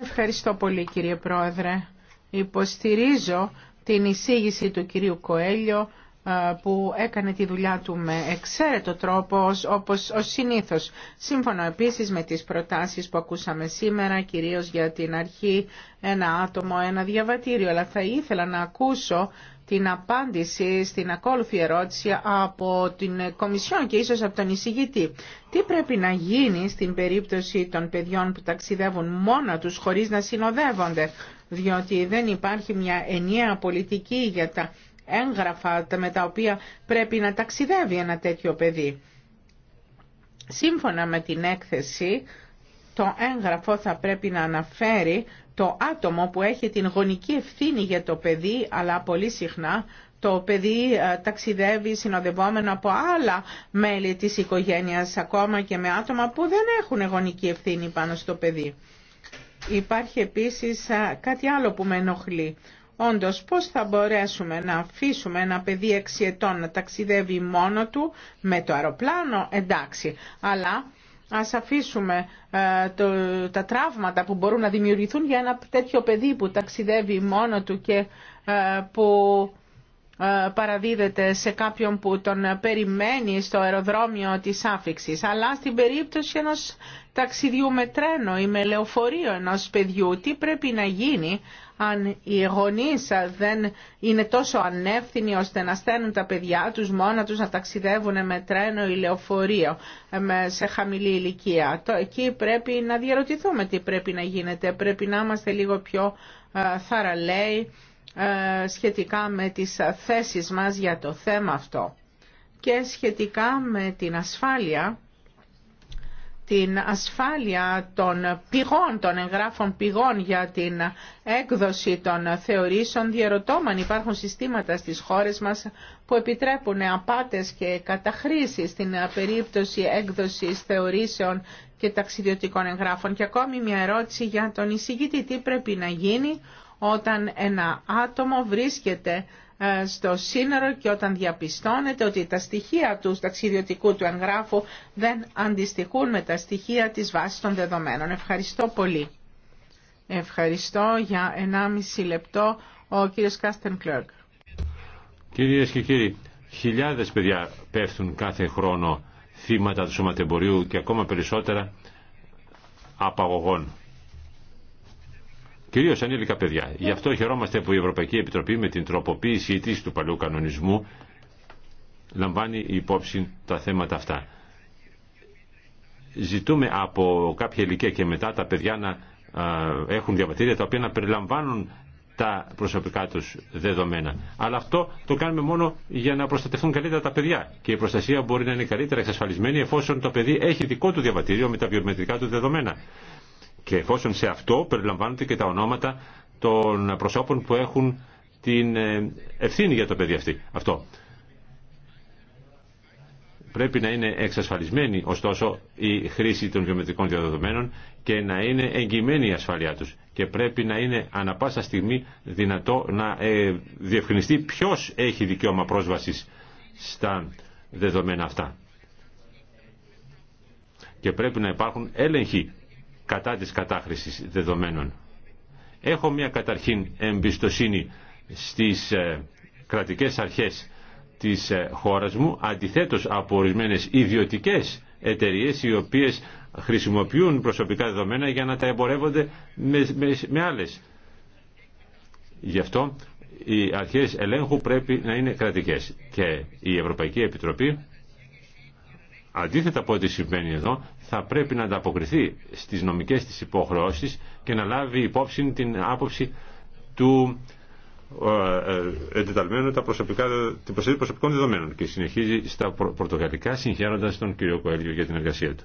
Ευχαριστώ πολύ κύριε Πρόεδρε. Υποστηρίζω την εισήγηση του κυρίου Κοέλιο που έκανε τη δουλειά του με εξαίρετο τρόπο όπως ο συνήθως. Σύμφωνα επίσης με τις προτάσεις που ακούσαμε σήμερα, κυρίως για την αρχή ένα άτομο, ένα διαβατήριο, αλλά θα ήθελα να ακούσω την απάντηση στην ακόλουθη ερώτηση από την Κομισιόν και ίσως από τον εισηγητή. Τι πρέπει να γίνει στην περίπτωση των παιδιών που ταξιδεύουν μόνα τους χωρίς να συνοδεύονται, διότι δεν υπάρχει μια ενιαία πολιτική για τα έγγραφα με τα οποία πρέπει να ταξιδεύει ένα τέτοιο παιδί. Σύμφωνα με την έκθεση, το έγγραφο θα πρέπει να αναφέρει το άτομο που έχει την γονική ευθύνη για το παιδί, αλλά πολύ συχνά το παιδί ε, ταξιδεύει συνοδευόμενο από άλλα μέλη της οικογένειας, ακόμα και με άτομα που δεν έχουν γονική ευθύνη πάνω στο παιδί. Υπάρχει επίσης ε, κάτι άλλο που με ενοχλεί. Όντως, πώς θα μπορέσουμε να αφήσουμε ένα παιδί 6 ετών να ταξιδεύει μόνο του με το αεροπλάνο, εντάξει, αλλά ας αφήσουμε ε, τα τραύματα που μπορούν να δημιουργηθούν για ένα τέτοιο παιδί που ταξιδεύει μόνο του και ε, που ε, παραδίδεται σε κάποιον που τον περιμένει στο αεροδρόμιο της άφηξης, αλλά στην περίπτωση ενός ταξιδιού με τρένο ή με λεωφορείο ενός παιδιού, τι πρέπει να γίνει αν οι γονεί δεν είναι τόσο ανεύθυνοι ώστε να στέλνουν τα παιδιά τους μόνα τους να ταξιδεύουν με τρένο ή λεωφορείο ε, σε χαμηλή ηλικία. Το, εκεί πρέπει να διαρωτηθούμε τι πρέπει να γίνεται. Πρέπει να είμαστε λίγο πιο ε, θαραλέοι ε, σχετικά με τις θέσεις μας για το θέμα αυτό και σχετικά με την ασφάλεια την ασφάλεια των πηγών, των εγγράφων πηγών για την έκδοση των θεωρήσεων διαρωτώμαν. Υπάρχουν συστήματα στις χώρες μας που επιτρέπουν απάτες και καταχρήσεις στην περίπτωση έκδοσης θεωρήσεων και ταξιδιωτικών εγγράφων. Και ακόμη μια ερώτηση για τον εισηγητή. Τι πρέπει να γίνει όταν ένα άτομο βρίσκεται ε, στο σύνορο και όταν διαπιστώνεται ότι τα στοιχεία του ταξιδιωτικού του εγγράφου δεν αντιστοιχούν με τα στοιχεία της βάσης των δεδομένων. Ευχαριστώ πολύ. Ευχαριστώ για 1,5 λεπτό ο κύριος Κάστεν Κλέρκ. κύριε και κύριοι, χιλιάδες παιδιά πέφτουν κάθε χρόνο θύματα του σωματεμπορίου και ακόμα περισσότερα απαγωγών κυρίω ανήλικα παιδιά. Γι' αυτό χαιρόμαστε που η Ευρωπαϊκή Επιτροπή με την τροποποίησή τη του παλαιού κανονισμού λαμβάνει υπόψη τα θέματα αυτά. Ζητούμε από κάποια ηλικία και μετά τα παιδιά να έχουν διαβατήρια τα οποία να περιλαμβάνουν τα προσωπικά του δεδομένα. Αλλά αυτό το κάνουμε μόνο για να προστατευτούν καλύτερα τα παιδιά. Και η προστασία μπορεί να είναι καλύτερα εξασφαλισμένη εφόσον το παιδί έχει δικό του διαβατήριο με τα βιομετρικά του δεδομένα και εφόσον σε αυτό περιλαμβάνονται και τα ονόματα των προσώπων που έχουν την ε, ευθύνη για το παιδί αυτή. αυτό. Πρέπει να είναι εξασφαλισμένη ωστόσο η χρήση των βιομετρικών διαδεδομένων και να είναι εγγυημένη η ασφαλειά τους και πρέπει να είναι ανα πάσα στιγμή δυνατό να ε, διευκρινιστεί ποιος έχει δικαίωμα πρόσβασης στα δεδομένα αυτά. Και πρέπει να υπάρχουν έλεγχοι κατά της κατάχρησης δεδομένων. Έχω μια καταρχήν εμπιστοσύνη στις ε, κρατικές αρχές της ε, χώρας μου, αντιθέτως από ορισμένες ιδιωτικές εταιρείες οι οποίες χρησιμοποιούν προσωπικά δεδομένα για να τα εμπορεύονται με, με, άλλες. Γι' αυτό οι αρχές ελέγχου πρέπει να είναι κρατικές και η Ευρωπαϊκή Επιτροπή αντίθετα από ό,τι συμβαίνει εδώ θα πρέπει να ανταποκριθεί στις νομικές της υποχρεώσεις και να λάβει υπόψη την άποψη του ε, ε, εντεταλμένου τα προσωπικά, την προσέγγιση προσωπικών δεδομένων και συνεχίζει στα πορτογαλικά συγχαίροντας τον κύριο Κοέλιο για την εργασία του.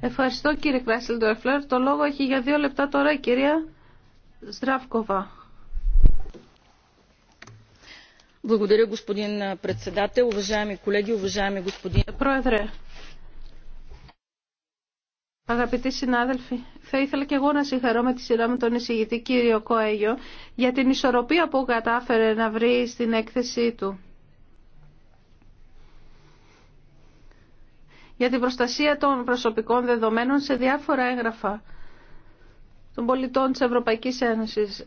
Ευχαριστώ κύριε Κράσιλντορφλερ. Το λόγο έχει για δύο λεπτά τώρα η κυρία Στράφκοβα. Πρόεδρε, Αγαπητοί συνάδελφοι, θα ήθελα και εγώ να συγχαρώ με τη σειρά μου τον εισηγητή κύριο Κοέγιο για την ισορροπία που κατάφερε να βρει στην έκθεσή του. Για την προστασία των προσωπικών δεδομένων σε διάφορα έγγραφα των πολιτών της Ευρωπαϊκής Ένωσης.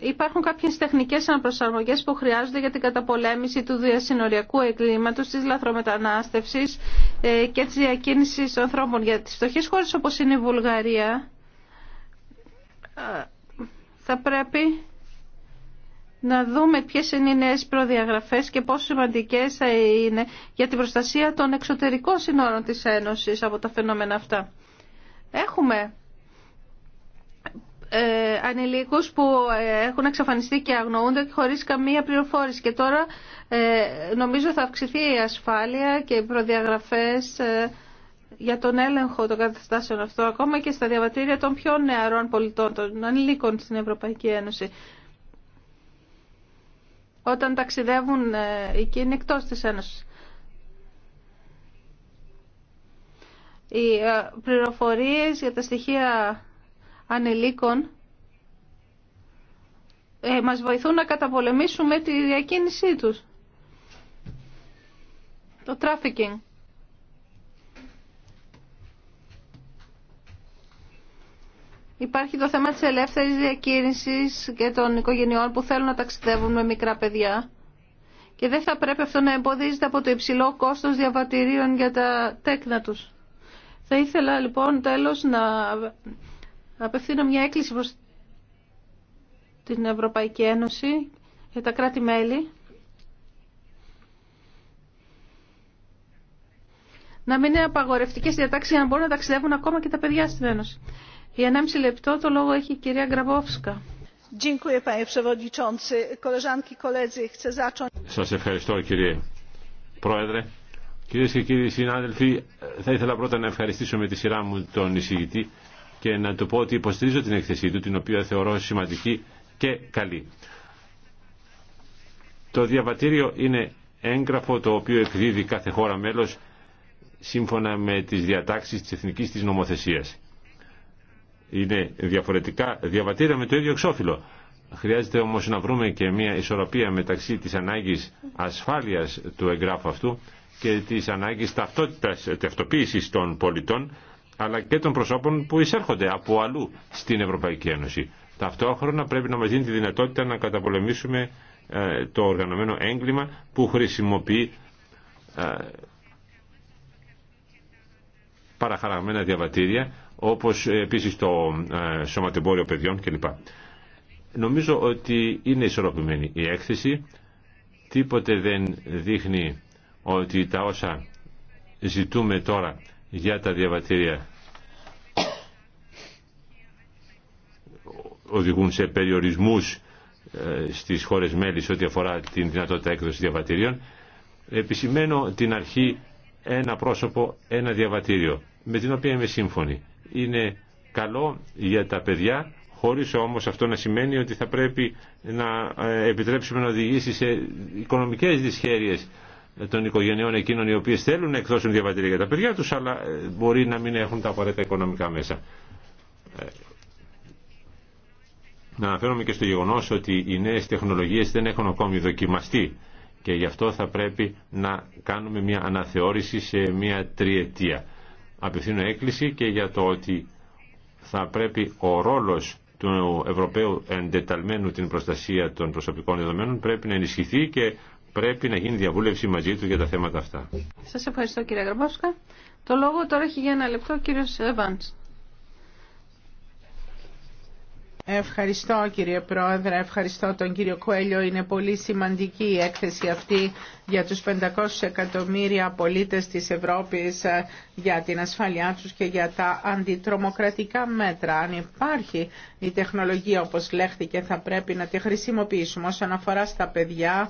Υπάρχουν κάποιες τεχνικές αναπροσαρμογές που χρειάζονται για την καταπολέμηση του διασυνοριακού εγκλήματος, της λαθρομετανάστευσης ε, και της διακίνησης ανθρώπων. Για τι φτωχέ χώρε όπως είναι η Βουλγαρία ε, θα πρέπει να δούμε ποιε είναι οι νέε προδιαγραφές και πόσο σημαντικές θα είναι για την προστασία των εξωτερικών συνόρων τη Ένωση από τα φαινόμενα αυτά. Έχουμε ε, ανηλίκους που ε, έχουν εξαφανιστεί και αγνοούνται χωρίς καμία πληροφόρηση. Και τώρα ε, νομίζω θα αυξηθεί η ασφάλεια και οι προδιαγραφές για τον έλεγχο των καταστάσεων αυτό ακόμα και στα διαβατήρια των πιο νεαρών πολιτών, των ανηλίκων στην Ευρωπαϊκή Ένωση. Όταν ταξιδεύουν είναι εκτός της Ένωσης. Οι πληροφορίες για τα στοιχεία ανηλίκων ε, μας βοηθούν να καταπολεμήσουμε τη διακίνησή τους. Το trafficking. Υπάρχει το θέμα της ελεύθερης διακίνησης και των οικογενειών που θέλουν να ταξιδεύουν με μικρά παιδιά. Και δεν θα πρέπει αυτό να εμποδίζεται από το υψηλό κόστος διαβατηρίων για τα τέκνα τους. Θα ήθελα λοιπόν τέλος να Απευθύνω μια έκκληση προς την Ευρωπαϊκή Ένωση για τα κράτη-μέλη να μην είναι απαγορευτικές διατάξει για να μπορούν να ταξιδεύουν ακόμα και τα παιδιά στην Ένωση. Για 1,5 λεπτό το λόγο έχει η κυρία Γκραβόφσκα. Σας ευχαριστώ κύριε Πρόεδρε. Κυρίες και κύριοι συνάδελφοι, θα ήθελα πρώτα να ευχαριστήσω με τη σειρά μου τον εισηγητή και να του πω ότι υποστηρίζω την έκθεσή του, την οποία θεωρώ σημαντική και καλή. Το διαβατήριο είναι έγγραφο το οποίο εκδίδει κάθε χώρα μέλος σύμφωνα με τις διατάξεις της εθνικής της νομοθεσίας. Είναι διαφορετικά διαβατήρια με το ίδιο εξώφυλλο. Χρειάζεται όμως να βρούμε και μια ισορροπία μεταξύ της ανάγκης ασφάλειας του εγγράφου αυτού και της ανάγκης ταυτότητας, ταυτοποίησης των πολιτών αλλά και των προσώπων που εισέρχονται από αλλού στην Ευρωπαϊκή Ένωση. Ταυτόχρονα πρέπει να μας δίνει τη δυνατότητα να καταπολεμήσουμε ε, το οργανωμένο έγκλημα που χρησιμοποιεί ε, παραχαραγμένα διαβατήρια, όπως ε, επίσης το σωματεμπόριο παιδιών κλπ. Νομίζω ότι είναι ισορροπημένη η έκθεση. Τίποτε δεν δείχνει ότι τα όσα ζητούμε τώρα για τα διαβατήρια οδηγούν σε περιορισμούς ε, στις χώρες μέλη ό,τι αφορά την δυνατότητα έκδοσης διαβατήριων. Επισημαίνω την αρχή ένα πρόσωπο, ένα διαβατήριο, με την οποία είμαι σύμφωνη. Είναι καλό για τα παιδιά, χωρίς όμως αυτό να σημαίνει ότι θα πρέπει να ε, επιτρέψουμε να οδηγήσει σε οικονομικές δυσχέρειες των οικογενειών εκείνων οι οποίες θέλουν να εκδώσουν διαβατήρια για τα παιδιά τους αλλά ε, μπορεί να μην έχουν τα απαραίτητα οικονομικά μέσα. Ε, να αναφέρομαι και στο γεγονός ότι οι νέες τεχνολογίες δεν έχουν ακόμη δοκιμαστεί και γι' αυτό θα πρέπει να κάνουμε μια αναθεώρηση σε μια τριετία. Απευθύνω έκκληση και για το ότι θα πρέπει ο ρόλος του Ευρωπαίου εντεταλμένου την προστασία των προσωπικών δεδομένων πρέπει να ενισχυθεί και πρέπει να γίνει διαβούλευση μαζί του για τα θέματα αυτά. Σας ευχαριστώ κύριε Γραμπόσκα. Το λόγο τώρα έχει για ένα λεπτό ο κύριος Εβαντς. Ευχαριστώ κύριε Πρόεδρε, ευχαριστώ τον κύριο Κουέλιο. Είναι πολύ σημαντική η έκθεση αυτή για τους 500 εκατομμύρια πολίτες της Ευρώπης ε, για την ασφαλειά τους και για τα αντιτρομοκρατικά μέτρα. Αν υπάρχει η τεχνολογία όπως λέχθηκε θα πρέπει να τη χρησιμοποιήσουμε όσον αφορά στα παιδιά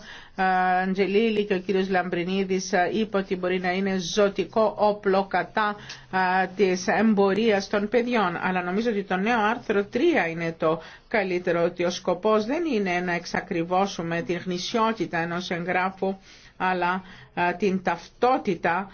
Αντζελίλη και ο κύριος Λαμπρινίδης ε, είπε ότι μπορεί να είναι ζωτικό όπλο κατά ε, της εμπορίας των παιδιών. Αλλά νομίζω ότι το νέο άρθρο 3 είναι το καλύτερο, ότι ο σκοπός δεν είναι να εξακριβώσουμε την γνησιότητα ενός εγγράφου, αλλά ε, την ταυτότητα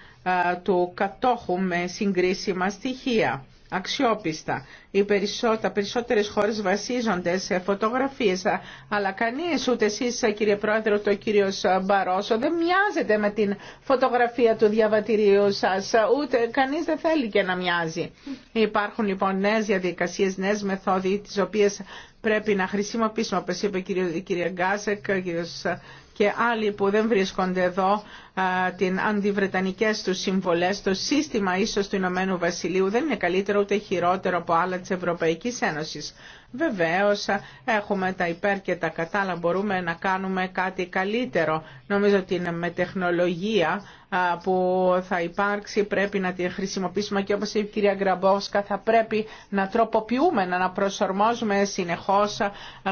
του κατόχου με συγκρίσιμα στοιχεία αξιόπιστα. Οι περισσότερα, περισσότερες χώρες βασίζονται σε φωτογραφίες, αλλά κανείς, ούτε εσείς κύριε Πρόεδρο, το κύριο Μπαρόσο, δεν μοιάζεται με την φωτογραφία του διαβατηρίου σας, ούτε κανείς δεν θέλει και να μοιάζει. Υπάρχουν λοιπόν νέες διαδικασίες, νέες μεθόδοι, τις οποίες πρέπει να χρησιμοποιήσουμε, όπως είπε η κυρία Γκάσεκ, ο κύριος και άλλοι που δεν βρίσκονται εδώ την αντιβρετανικές τους συμβολές. Το σύστημα ίσως του Ηνωμένου Βασιλείου δεν είναι καλύτερο ούτε χειρότερο από άλλα της Ευρωπαϊκής Ένωσης. Βεβαίως έχουμε τα υπέρ και τα κατά, αλλά μπορούμε να κάνουμε κάτι καλύτερο. Νομίζω ότι με τεχνολογία που θα υπάρξει πρέπει να τη χρησιμοποιήσουμε και όπως είπε η κυρία Γκραμπόσκα θα πρέπει να τροποποιούμε, να προσαρμόζουμε συνεχώς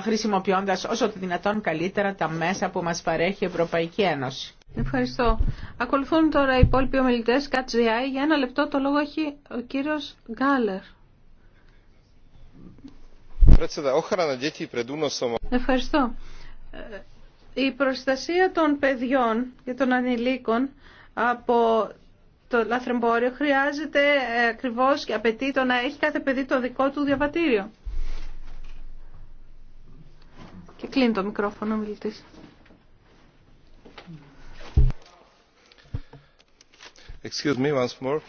χρησιμοποιώντας όσο το δυνατόν καλύτερα τα μέσα που μας παρέχει η Ευρωπαϊκή Ένωση. Ευχαριστώ. Ακολουθούν τώρα οι υπόλοιποι ομιλητές. για ένα λεπτό το λόγο έχει ο κύριος Γκάλερ. Ευχαριστώ. Ε, η προστασία των παιδιών και των ανηλίκων από το λαθρεμπόριο χρειάζεται ε, ακριβώς και απαιτεί το να έχει κάθε παιδί το δικό του διαβατήριο. Και κλείνει το μικρόφωνο ο μιλητής. Excuse me once more.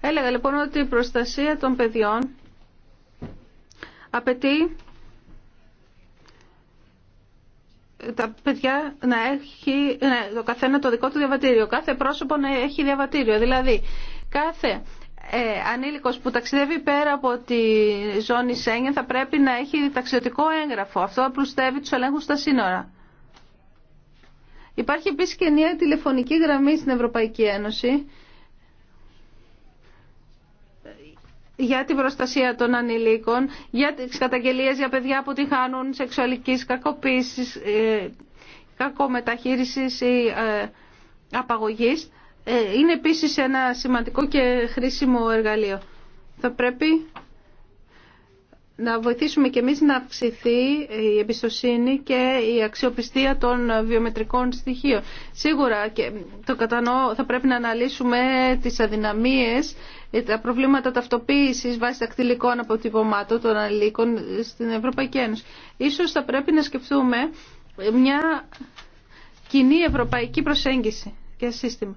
Έλεγα λοιπόν ότι η προστασία των παιδιών απαιτεί τα παιδιά να έχει ναι, το καθένα το δικό του διαβατήριο, κάθε πρόσωπο να έχει διαβατήριο. Δηλαδή, κάθε ε, ανήλικος που ταξιδεύει πέρα από τη ζώνη Σέγγεν θα πρέπει να έχει ταξιδιωτικό έγγραφο. Αυτό απλουστεύει τους ελέγχους στα σύνορα. Υπάρχει επίσης και μια τηλεφωνική γραμμή στην Ευρωπαϊκή Ένωση για την προστασία των ανηλίκων, για τις καταγγελίες για παιδιά που τη χάνουν σεξουαλικής κακοποίησης, ε, κακομεταχείρισης ή ε, απαγωγής. Ε, είναι επίσης ένα σημαντικό και χρήσιμο εργαλείο. Θα πρέπει να βοηθήσουμε και εμείς να αυξηθεί η εμπιστοσύνη και η αξιοπιστία των βιομετρικών στοιχείων. Σίγουρα και το κατανοώ θα πρέπει να αναλύσουμε τις αδυναμίες, τα προβλήματα ταυτοποίησης βάσει δακτυλικών αποτυπωμάτων των αλληλίκων στην Ευρωπαϊκή Ένωση. Ίσως θα πρέπει να σκεφτούμε μια κοινή ευρωπαϊκή προσέγγιση και σύστημα.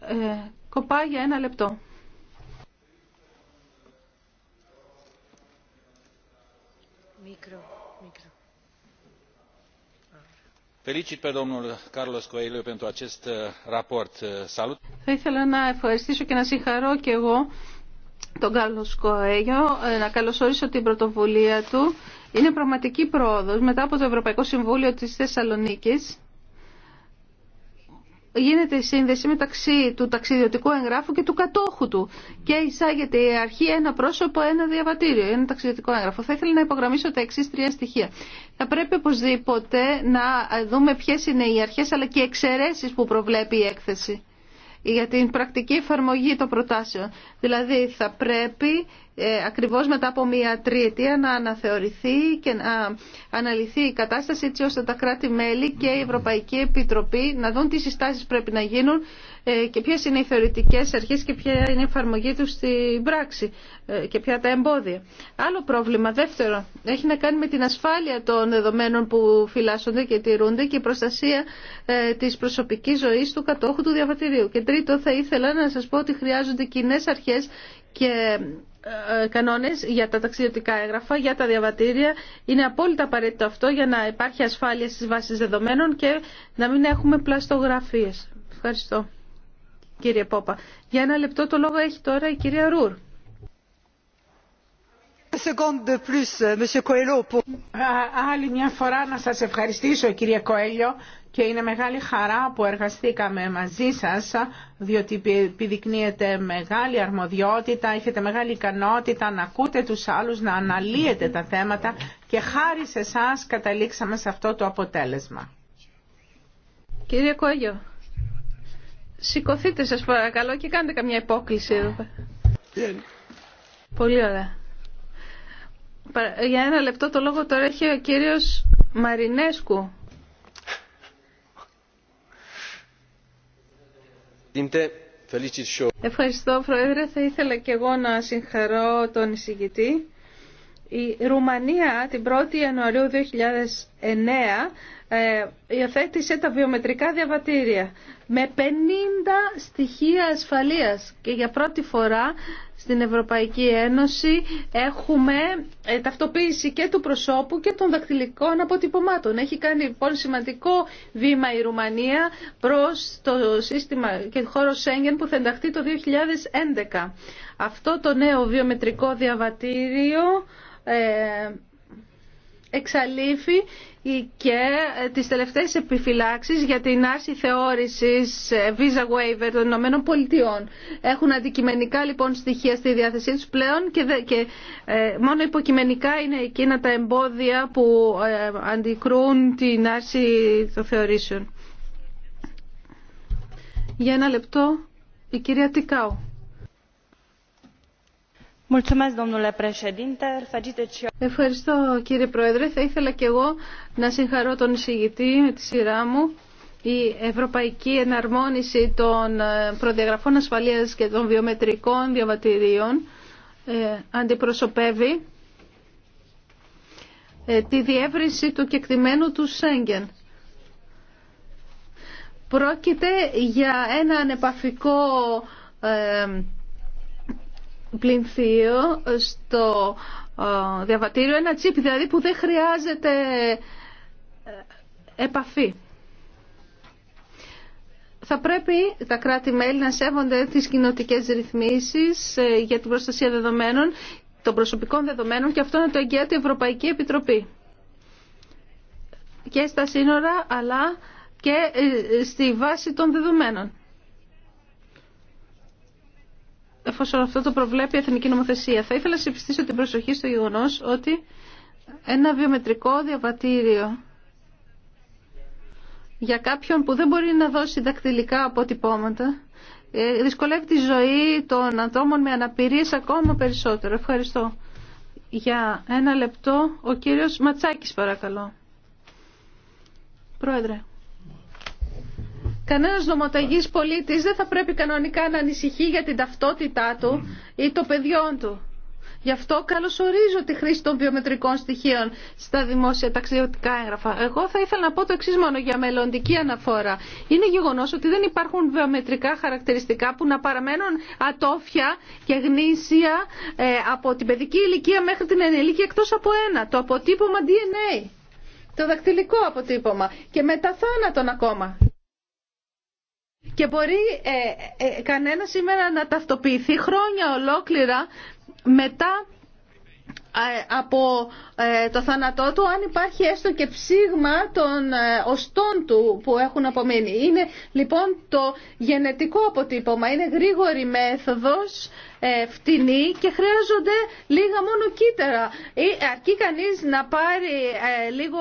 Ε, κοπά για ένα λεπτό. Θα ήθελα να ευχαριστήσω και να συγχαρώ και εγώ τον Κάρλος Κοέγιο, ε, να καλωσορίσω την πρωτοβουλία του. Είναι πραγματική πρόοδος μετά από το Ευρωπαϊκό Συμβούλιο της Θεσσαλονίκης γίνεται η σύνδεση μεταξύ του ταξιδιωτικού εγγράφου και του κατόχου του και εισάγεται η αρχή ένα πρόσωπο, ένα διαβατήριο, ένα ταξιδιωτικό έγγραφο. Θα ήθελα να υπογραμμίσω τα εξή τρία στοιχεία. Θα πρέπει οπωσδήποτε να δούμε ποιε είναι οι αρχέ αλλά και οι εξαιρέσει που προβλέπει η έκθεση για την πρακτική εφαρμογή των προτάσεων. Δηλαδή θα πρέπει ε, ακριβώς μετά από μία τριετία να αναθεωρηθεί και να αναλυθεί η κατάσταση έτσι ώστε τα κράτη-μέλη και η Ευρωπαϊκή Επιτροπή να δουν τι συστάσεις πρέπει να γίνουν ε, και ποιες είναι οι θεωρητικές αρχές και ποια είναι η εφαρμογή τους στην πράξη ε, και ποια τα εμπόδια. Άλλο πρόβλημα, δεύτερο, έχει να κάνει με την ασφάλεια των δεδομένων που φυλάσσονται και τηρούνται και η προστασία ε, της προσωπικής ζωής του κατόχου του διαβατηρίου. Και τρίτο, θα ήθελα να σας πω ότι χρειάζονται κοινέ αρχές και κανόνες για τα ταξιδιωτικά έγγραφα, για τα διαβατήρια. Είναι απόλυτα απαραίτητο αυτό για να υπάρχει ασφάλεια στις βάσεις δεδομένων και να μην έχουμε πλαστογραφίες. Ευχαριστώ κύριε Πόπα. Για ένα λεπτό το λόγο έχει τώρα η κυρία Ρούρ. Euh, άλλη μια φορά να σας ευχαριστήσω κύριε Κοέλιο και είναι μεγάλη χαρά που εργαστήκαμε μαζί σας διότι επιδεικνύεται μεγάλη αρμοδιότητα, έχετε μεγάλη ικανότητα να ακούτε τους άλλους, να αναλύετε τα θέματα και χάρη σε εσάς καταλήξαμε σε αυτό το αποτέλεσμα. Κύριε Κοέλιο, Σηκωθείτε σας παρακαλώ και κάντε καμιά υπόκληση εδώ. Πολύ ωραία. Για ένα λεπτό το λόγο τώρα έχει ο κύριος Μαρινέσκου. Ευχαριστώ Πρόεδρε. Θα ήθελα και εγώ να συγχαρώ τον εισηγητή. Η Ρουμανία την 1η Ιανουαρίου ε, υιοθέτησε τα βιομετρικά διαβατήρια με 50 στοιχεία ασφαλείας και για πρώτη φορά στην Ευρωπαϊκή Ένωση έχουμε ε, ταυτοποίηση και του προσώπου και των δακτυλικών αποτυπωμάτων. Έχει κάνει πολύ σημαντικό βήμα η Ρουμανία προς το σύστημα και το χώρο Σέγγεν που θα ενταχθεί το 2011. Αυτό το νέο βιομετρικό διαβατήριο ε, εξαλείφει και τις τελευταίες επιφυλάξεις για την άρση θεώρησης ε, visa waiver των Ηνωμένων Πολιτειών. Έχουν αντικειμενικά λοιπόν στοιχεία στη διάθεσή τους πλέον και, ε, μόνο υποκειμενικά είναι εκείνα τα εμπόδια που ε, αντικρούν την άρση των θεωρήσεων. Για ένα λεπτό, η κυρία Τικάου. Ευχαριστώ κύριε Πρόεδρε. Θα ήθελα και εγώ να συγχαρώ τον εισηγητή με τη σειρά μου. Η ευρωπαϊκή εναρμόνιση των ε, προδιαγραφών ασφαλείας και των βιομετρικών διαβατηρίων ε, αντιπροσωπεύει ε, τη διεύρυνση του κεκτημένου του Σέγγεν. Πρόκειται για ένα ανεπαφικό πλυνθείο στο ε, διαβατήριο ένα τσίπ, δηλαδή που δεν χρειάζεται ε, επαφή. Θα πρέπει τα κράτη-μέλη να σέβονται τις κοινοτικές ρυθμίσεις ε, για την προστασία δεδομένων, των προσωπικών δεδομένων και αυτό να το εγγυάται η Ευρωπαϊκή Επιτροπή. Και στα σύνορα αλλά και στη βάση των δεδομένων εφόσον αυτό το προβλέπει η Εθνική Νομοθεσία. Θα ήθελα να συμπιστήσω την προσοχή στο γεγονό ότι ένα βιομετρικό διαβατήριο για κάποιον που δεν μπορεί να δώσει δακτυλικά αποτυπώματα ε, δυσκολεύει τη ζωή των ανθρώπων με αναπηρίες ακόμα περισσότερο. Ευχαριστώ. Για ένα λεπτό ο κύριος Ματσάκης παρακαλώ. Πρόεδρε. Κανένα νομοταγή πολίτη δεν θα πρέπει κανονικά να ανησυχεί για την ταυτότητά του ή το παιδιών του. Γι' αυτό καλωσορίζω τη χρήση των βιομετρικών στοιχείων στα δημόσια ταξιδιωτικά έγγραφα. Εγώ θα ήθελα να πω το εξή μόνο για μελλοντική αναφορά. Είναι γεγονό ότι δεν υπάρχουν βιομετρικά χαρακτηριστικά που να παραμένουν ατόφια και γνήσια ε, από την παιδική ηλικία μέχρι την ενηλίκη εκτό από ένα, το αποτύπωμα DNA. Το δακτυλικό αποτύπωμα και μετά θάνατον ακόμα. Και μπορεί ε, ε, κανένα σήμερα να ταυτοποιηθεί χρόνια ολόκληρα μετά ε, από το θάνατό του αν υπάρχει έστω και ψήγμα των οστών του που έχουν απομείνει. Είναι λοιπόν το γενετικό αποτύπωμα, είναι γρήγορη μέθοδος, φτηνή και χρειάζονται λίγα μόνο κύτταρα. Ή, αρκεί κανείς να πάρει λίγο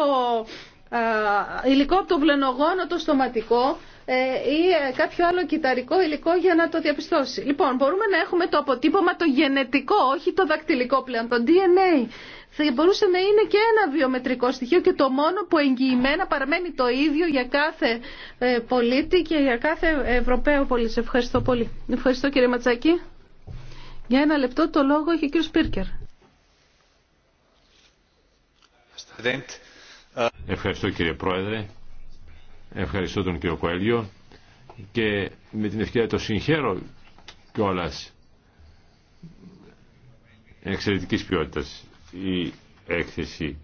υλικό από το πλενογόνο το στοματικό ε, ή ε, κάποιο άλλο κυταρικό υλικό για να το διαπιστώσει. Λοιπόν, μπορούμε να έχουμε το αποτύπωμα το γενετικό, όχι το δακτυλικό πλέον, το DNA. Θα μπορούσε να είναι και ένα βιομετρικό στοιχείο και το μόνο που εγγυημένα παραμένει το ίδιο για κάθε ε, πολίτη και για κάθε Ευρωπαίο πολίτη. Ευχαριστώ πολύ. Ευχαριστώ κύριε Ματσάκη. Για ένα λεπτό το λόγο έχει ο κύριος Πίρκερ. Ευχαριστώ κύριε Πρόεδρε. Ευχαριστώ τον κύριο Κοέλιο και με την ευκαιρία το συγχαίρω κιόλα εξαιρετική ποιότητα η έκθεση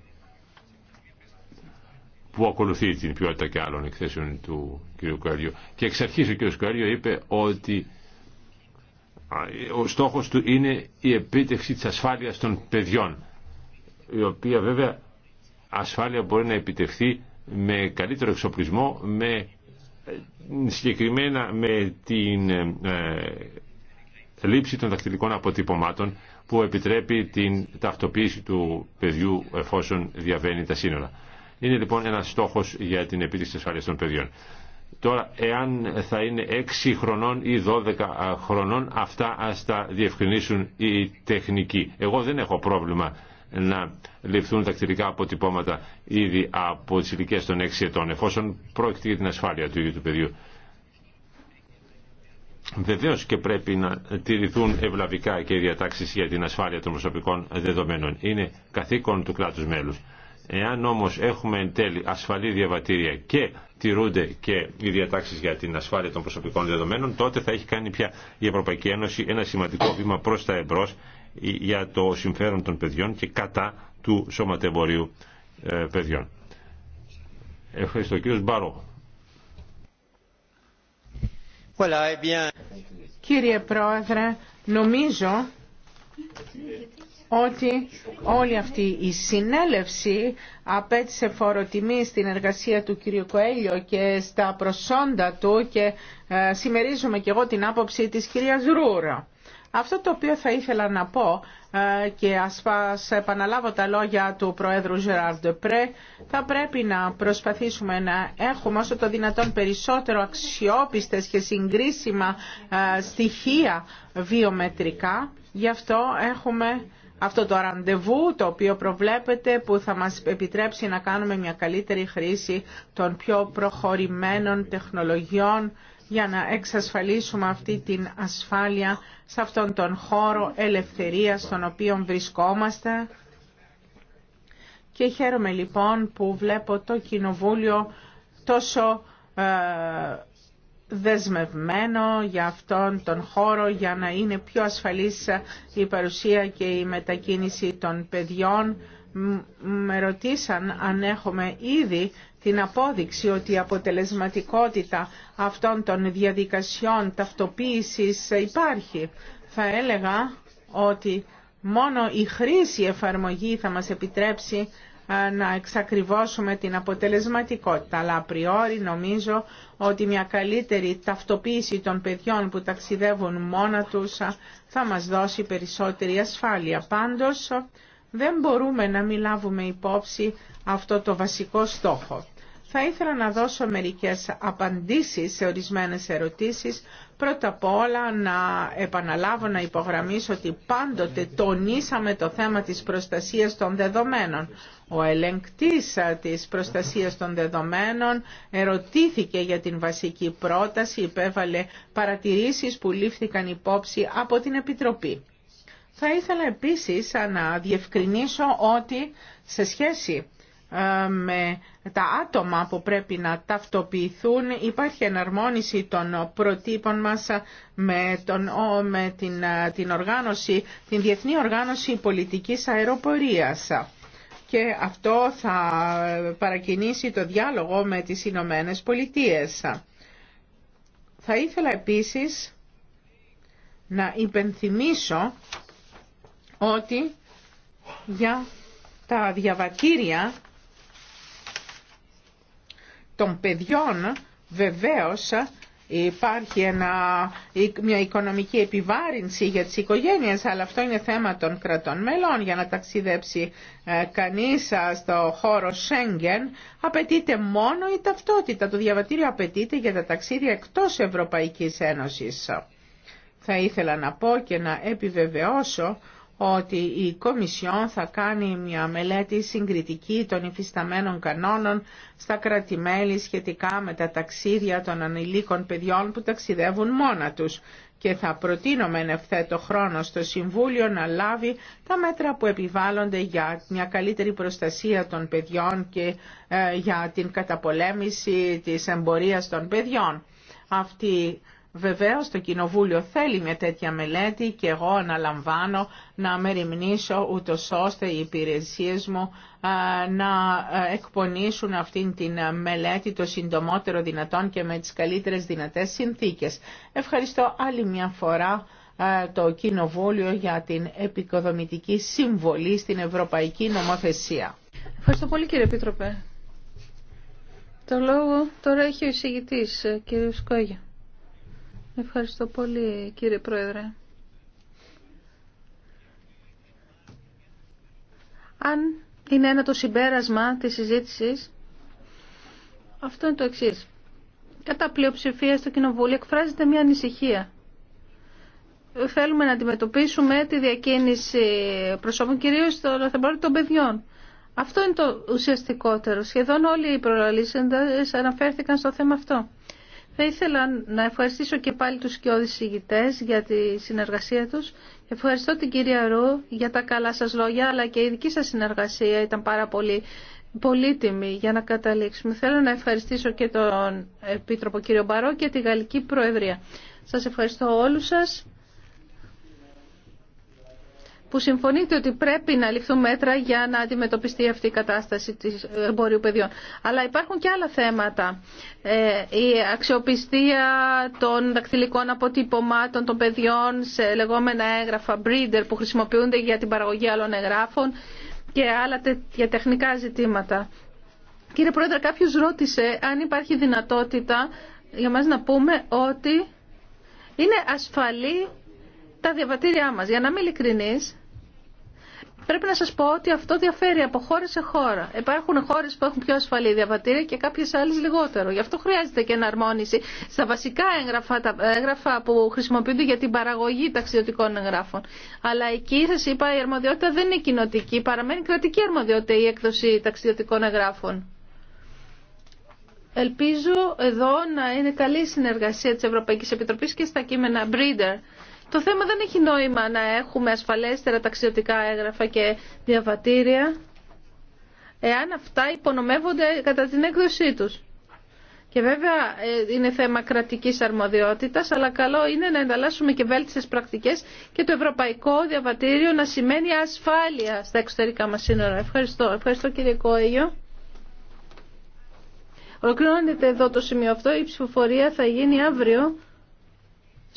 που ακολουθεί την ποιότητα και άλλων εκθέσεων του κ. Κοέλιο Και εξ αρχή ο κ. Κοέλιο είπε ότι ο στόχος του είναι η επίτευξη της ασφάλειας των παιδιών, η οποία βέβαια ασφάλεια μπορεί να επιτευχθεί με καλύτερο εξοπλισμό, με ε, συγκεκριμένα με την ε, ε, λήψη των δακτυλικών αποτυπωμάτων που επιτρέπει την ταυτοποίηση του παιδιού εφόσον διαβαίνει τα σύνορα. Είναι λοιπόν ένας στόχος για την επίτευξη ασφάλειας των παιδιών. Τώρα, εάν θα είναι 6 χρονών ή 12 χρονών, αυτά ας τα διευκρινίσουν οι τεχνικοί. Εγώ δεν έχω πρόβλημα να ληφθούν κτηρικά αποτυπώματα ήδη από τις ηλικίες των 6 ετών εφόσον πρόκειται για την ασφάλεια του ίδιου του παιδιού. Βεβαίω και πρέπει να τηρηθούν ευλαβικά και οι διατάξει για την ασφάλεια των προσωπικών δεδομένων. Είναι καθήκον του κράτου μέλου. Εάν όμω έχουμε εν τέλει ασφαλή διαβατήρια και τηρούνται και οι διατάξει για την ασφάλεια των προσωπικών δεδομένων, τότε θα έχει κάνει πια η Ευρωπαϊκή Ένωση ένα σημαντικό βήμα προ τα εμπρό για το συμφέρον των παιδιών και κατά του σωματεμπορίου ε, παιδιών. Ευχαριστώ. κύριο Μπάρο. Eh Κύριε Πρόεδρε, νομίζω ότι όλη αυτή η συνέλευση απέτησε φοροτιμή στην εργασία του κύριου Κοέλιο και στα προσόντα του και ε, συμμερίζομαι και εγώ την άποψη της κυρίας Ρούρα. Αυτό το οποίο θα ήθελα να πω ε, και ας επαναλάβω τα λόγια του Προέδρου Γεράρντ Πρέ, θα πρέπει να προσπαθήσουμε να έχουμε όσο το δυνατόν περισσότερο αξιόπιστες και συγκρίσιμα ε, στοιχεία βιομετρικά. Γι' αυτό έχουμε αυτό το ραντεβού το οποίο προβλέπετε που θα μας επιτρέψει να κάνουμε μια καλύτερη χρήση των πιο προχωρημένων τεχνολογιών για να εξασφαλίσουμε αυτή την ασφάλεια σε αυτόν τον χώρο ελευθερίας στον οποίο βρισκόμαστε. Και χαίρομαι λοιπόν που βλέπω το Κοινοβούλιο τόσο ε, δεσμευμένο για αυτόν τον χώρο για να είναι πιο ασφαλής η παρουσία και η μετακίνηση των παιδιών. Με ρωτήσαν αν έχουμε ήδη την απόδειξη ότι η αποτελεσματικότητα αυτών των διαδικασιών ταυτοποίησης υπάρχει. Θα έλεγα ότι μόνο η χρήση εφαρμογή θα μας επιτρέψει να εξακριβώσουμε την αποτελεσματικότητα. Αλλά απριόρι νομίζω ότι μια καλύτερη ταυτοποίηση των παιδιών που ταξιδεύουν μόνα τους θα μας δώσει περισσότερη ασφάλεια. Πάντως δεν μπορούμε να μην λάβουμε υπόψη αυτό το βασικό στόχο. Θα ήθελα να δώσω μερικές απαντήσεις σε ορισμένες ερωτήσεις Πρώτα απ' όλα να επαναλάβω να υπογραμμίσω ότι πάντοτε τονίσαμε το θέμα της προστασίας των δεδομένων. Ο ελεγκτής της προστασίας των δεδομένων ερωτήθηκε για την βασική πρόταση, υπέβαλε παρατηρήσεις που λήφθηκαν υπόψη από την Επιτροπή. Θα ήθελα επίσης να διευκρινίσω ότι σε σχέση ε, με τα άτομα που πρέπει να ταυτοποιηθούν. Υπάρχει εναρμόνιση των προτύπων μας με, τον, με την, ε, την, οργάνωση, την Διεθνή Οργάνωση Πολιτικής Αεροπορίας. Και αυτό θα παρακινήσει το διάλογο με τις Ηνωμένε Πολιτείες. Θα ήθελα επίσης να υπενθυμίσω ότι για τα διαβατήρια των παιδιών βεβαίως υπάρχει μια οικονομική επιβάρυνση για τις οικογένειες, αλλά αυτό είναι θέμα των κρατών μελών. Για να ταξιδέψει ε, κανείς ε, στο χώρο Σέγγεν απαιτείται μόνο η ταυτότητα. Το διαβατήριο απαιτείται για τα ταξίδια εκτός Ευρωπαϊκής Ένωσης. Θα ήθελα να πω και να επιβεβαιώσω ότι η Κομισιόν θα κάνει μια μελέτη συγκριτική των υφισταμένων κανόνων στα κρατημέλη σχετικά με τα ταξίδια των ανηλίκων παιδιών που ταξιδεύουν μόνα τους και θα προτείνουμε εν ευθέτω χρόνο στο Συμβούλιο να λάβει τα μέτρα που επιβάλλονται για μια καλύτερη προστασία των παιδιών και ε, για την καταπολέμηση της εμπορίας των παιδιών. Βεβαίως το Κοινοβούλιο θέλει μια τέτοια μελέτη και εγώ αναλαμβάνω να μεριμνήσω ούτω ώστε οι υπηρεσίε μου να εκπονήσουν αυτήν την μελέτη το συντομότερο δυνατόν και με τις καλύτερες δυνατές συνθήκες. Ευχαριστώ άλλη μια φορά το Κοινοβούλιο για την επικοδομητική συμβολή στην Ευρωπαϊκή Νομοθεσία. Ευχαριστώ πολύ κύριε Επίτροπε. Το λόγο τώρα έχει ο εισηγητής, ε, κύριος Κόγια. Ευχαριστώ πολύ κύριε Πρόεδρε. Αν είναι ένα το συμπέρασμα της συζήτησης, αυτό είναι το εξής. Κατά πλειοψηφία στο Κοινοβούλιο εκφράζεται μια ανησυχία. Θέλουμε να αντιμετωπίσουμε τη διακίνηση προσώπων, κυρίως το θέμα των παιδιών. Αυτό είναι το ουσιαστικότερο. Σχεδόν όλοι οι προλαλήσεντες αναφέρθηκαν στο θέμα αυτό. Θα ήθελα να ευχαριστήσω και πάλι τους σκιώδεις ηγητές για τη συνεργασία τους. Ευχαριστώ την κυρία Ρου για τα καλά σας λόγια, αλλά και η δική σας συνεργασία ήταν πάρα πολύ πολύτιμη για να καταλήξουμε. Θέλω να ευχαριστήσω και τον Επίτροπο κύριο Μπαρό και τη Γαλλική Προεδρία. Σας ευχαριστώ όλους σας που συμφωνείτε ότι πρέπει να ληφθούν μέτρα για να αντιμετωπιστεί αυτή η κατάσταση της εμπορίου παιδιών. Αλλά υπάρχουν και άλλα θέματα. Ε, η αξιοπιστία των δακτυλικών αποτυπωμάτων των παιδιών σε λεγόμενα έγγραφα breeder που χρησιμοποιούνται για την παραγωγή άλλων εγγράφων και άλλα τεχνικά ζητήματα. Κύριε Πρόεδρε, κάποιος ρώτησε αν υπάρχει δυνατότητα για μας να πούμε ότι είναι ασφαλή τα διαβατήριά μας. Για να είμαι ειλικρινής, Πρέπει να σας πω ότι αυτό διαφέρει από χώρα σε χώρα. Υπάρχουν χώρες που έχουν πιο ασφαλή διαβατήρια και κάποιες άλλες λιγότερο. Γι' αυτό χρειάζεται και εναρμόνιση στα βασικά έγγραφα, τα έγγραφα που χρησιμοποιούνται για την παραγωγή ταξιδιωτικών εγγράφων. Αλλά εκεί σας είπα η αρμοδιότητα δεν είναι κοινοτική, παραμένει κρατική αρμοδιότητα η έκδοση ταξιδιωτικών εγγράφων. Ελπίζω εδώ να είναι καλή συνεργασία της Ευρωπαϊκής Επιτροπής και στα κείμενα Breeder το θέμα δεν έχει νόημα να έχουμε ασφαλέστερα ταξιδιωτικά έγγραφα και διαβατήρια εάν αυτά υπονομεύονται κατά την έκδοσή τους. Και βέβαια ε, είναι θέμα κρατικής αρμοδιότητας, αλλά καλό είναι να ενταλλάσσουμε και βέλτιστες πρακτικές και το Ευρωπαϊκό Διαβατήριο να σημαίνει ασφάλεια στα εξωτερικά μας σύνορα. Ευχαριστώ. Ευχαριστώ κύριε Κόηγιο. Ολοκληρώνεται εδώ το σημείο αυτό. Η ψηφοφορία θα γίνει αύριο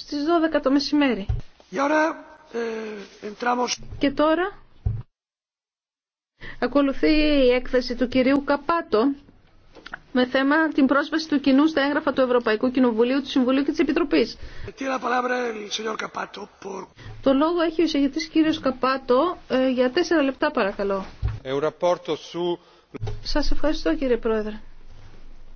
στις 12 το μεσημέρι. Ε, και τώρα ακολουθεί η έκθεση του κυρίου Καπάτο με θέμα την πρόσβαση του κοινού στα έγγραφα του Ευρωπαϊκού Κοινοβουλίου, του Συμβουλίου και της Επιτροπής. Το λόγο έχει ο εισηγητής κύριος Καπάτο ε, για τέσσερα λεπτά παρακαλώ. Σας ευχαριστώ κύριε Πρόεδρε.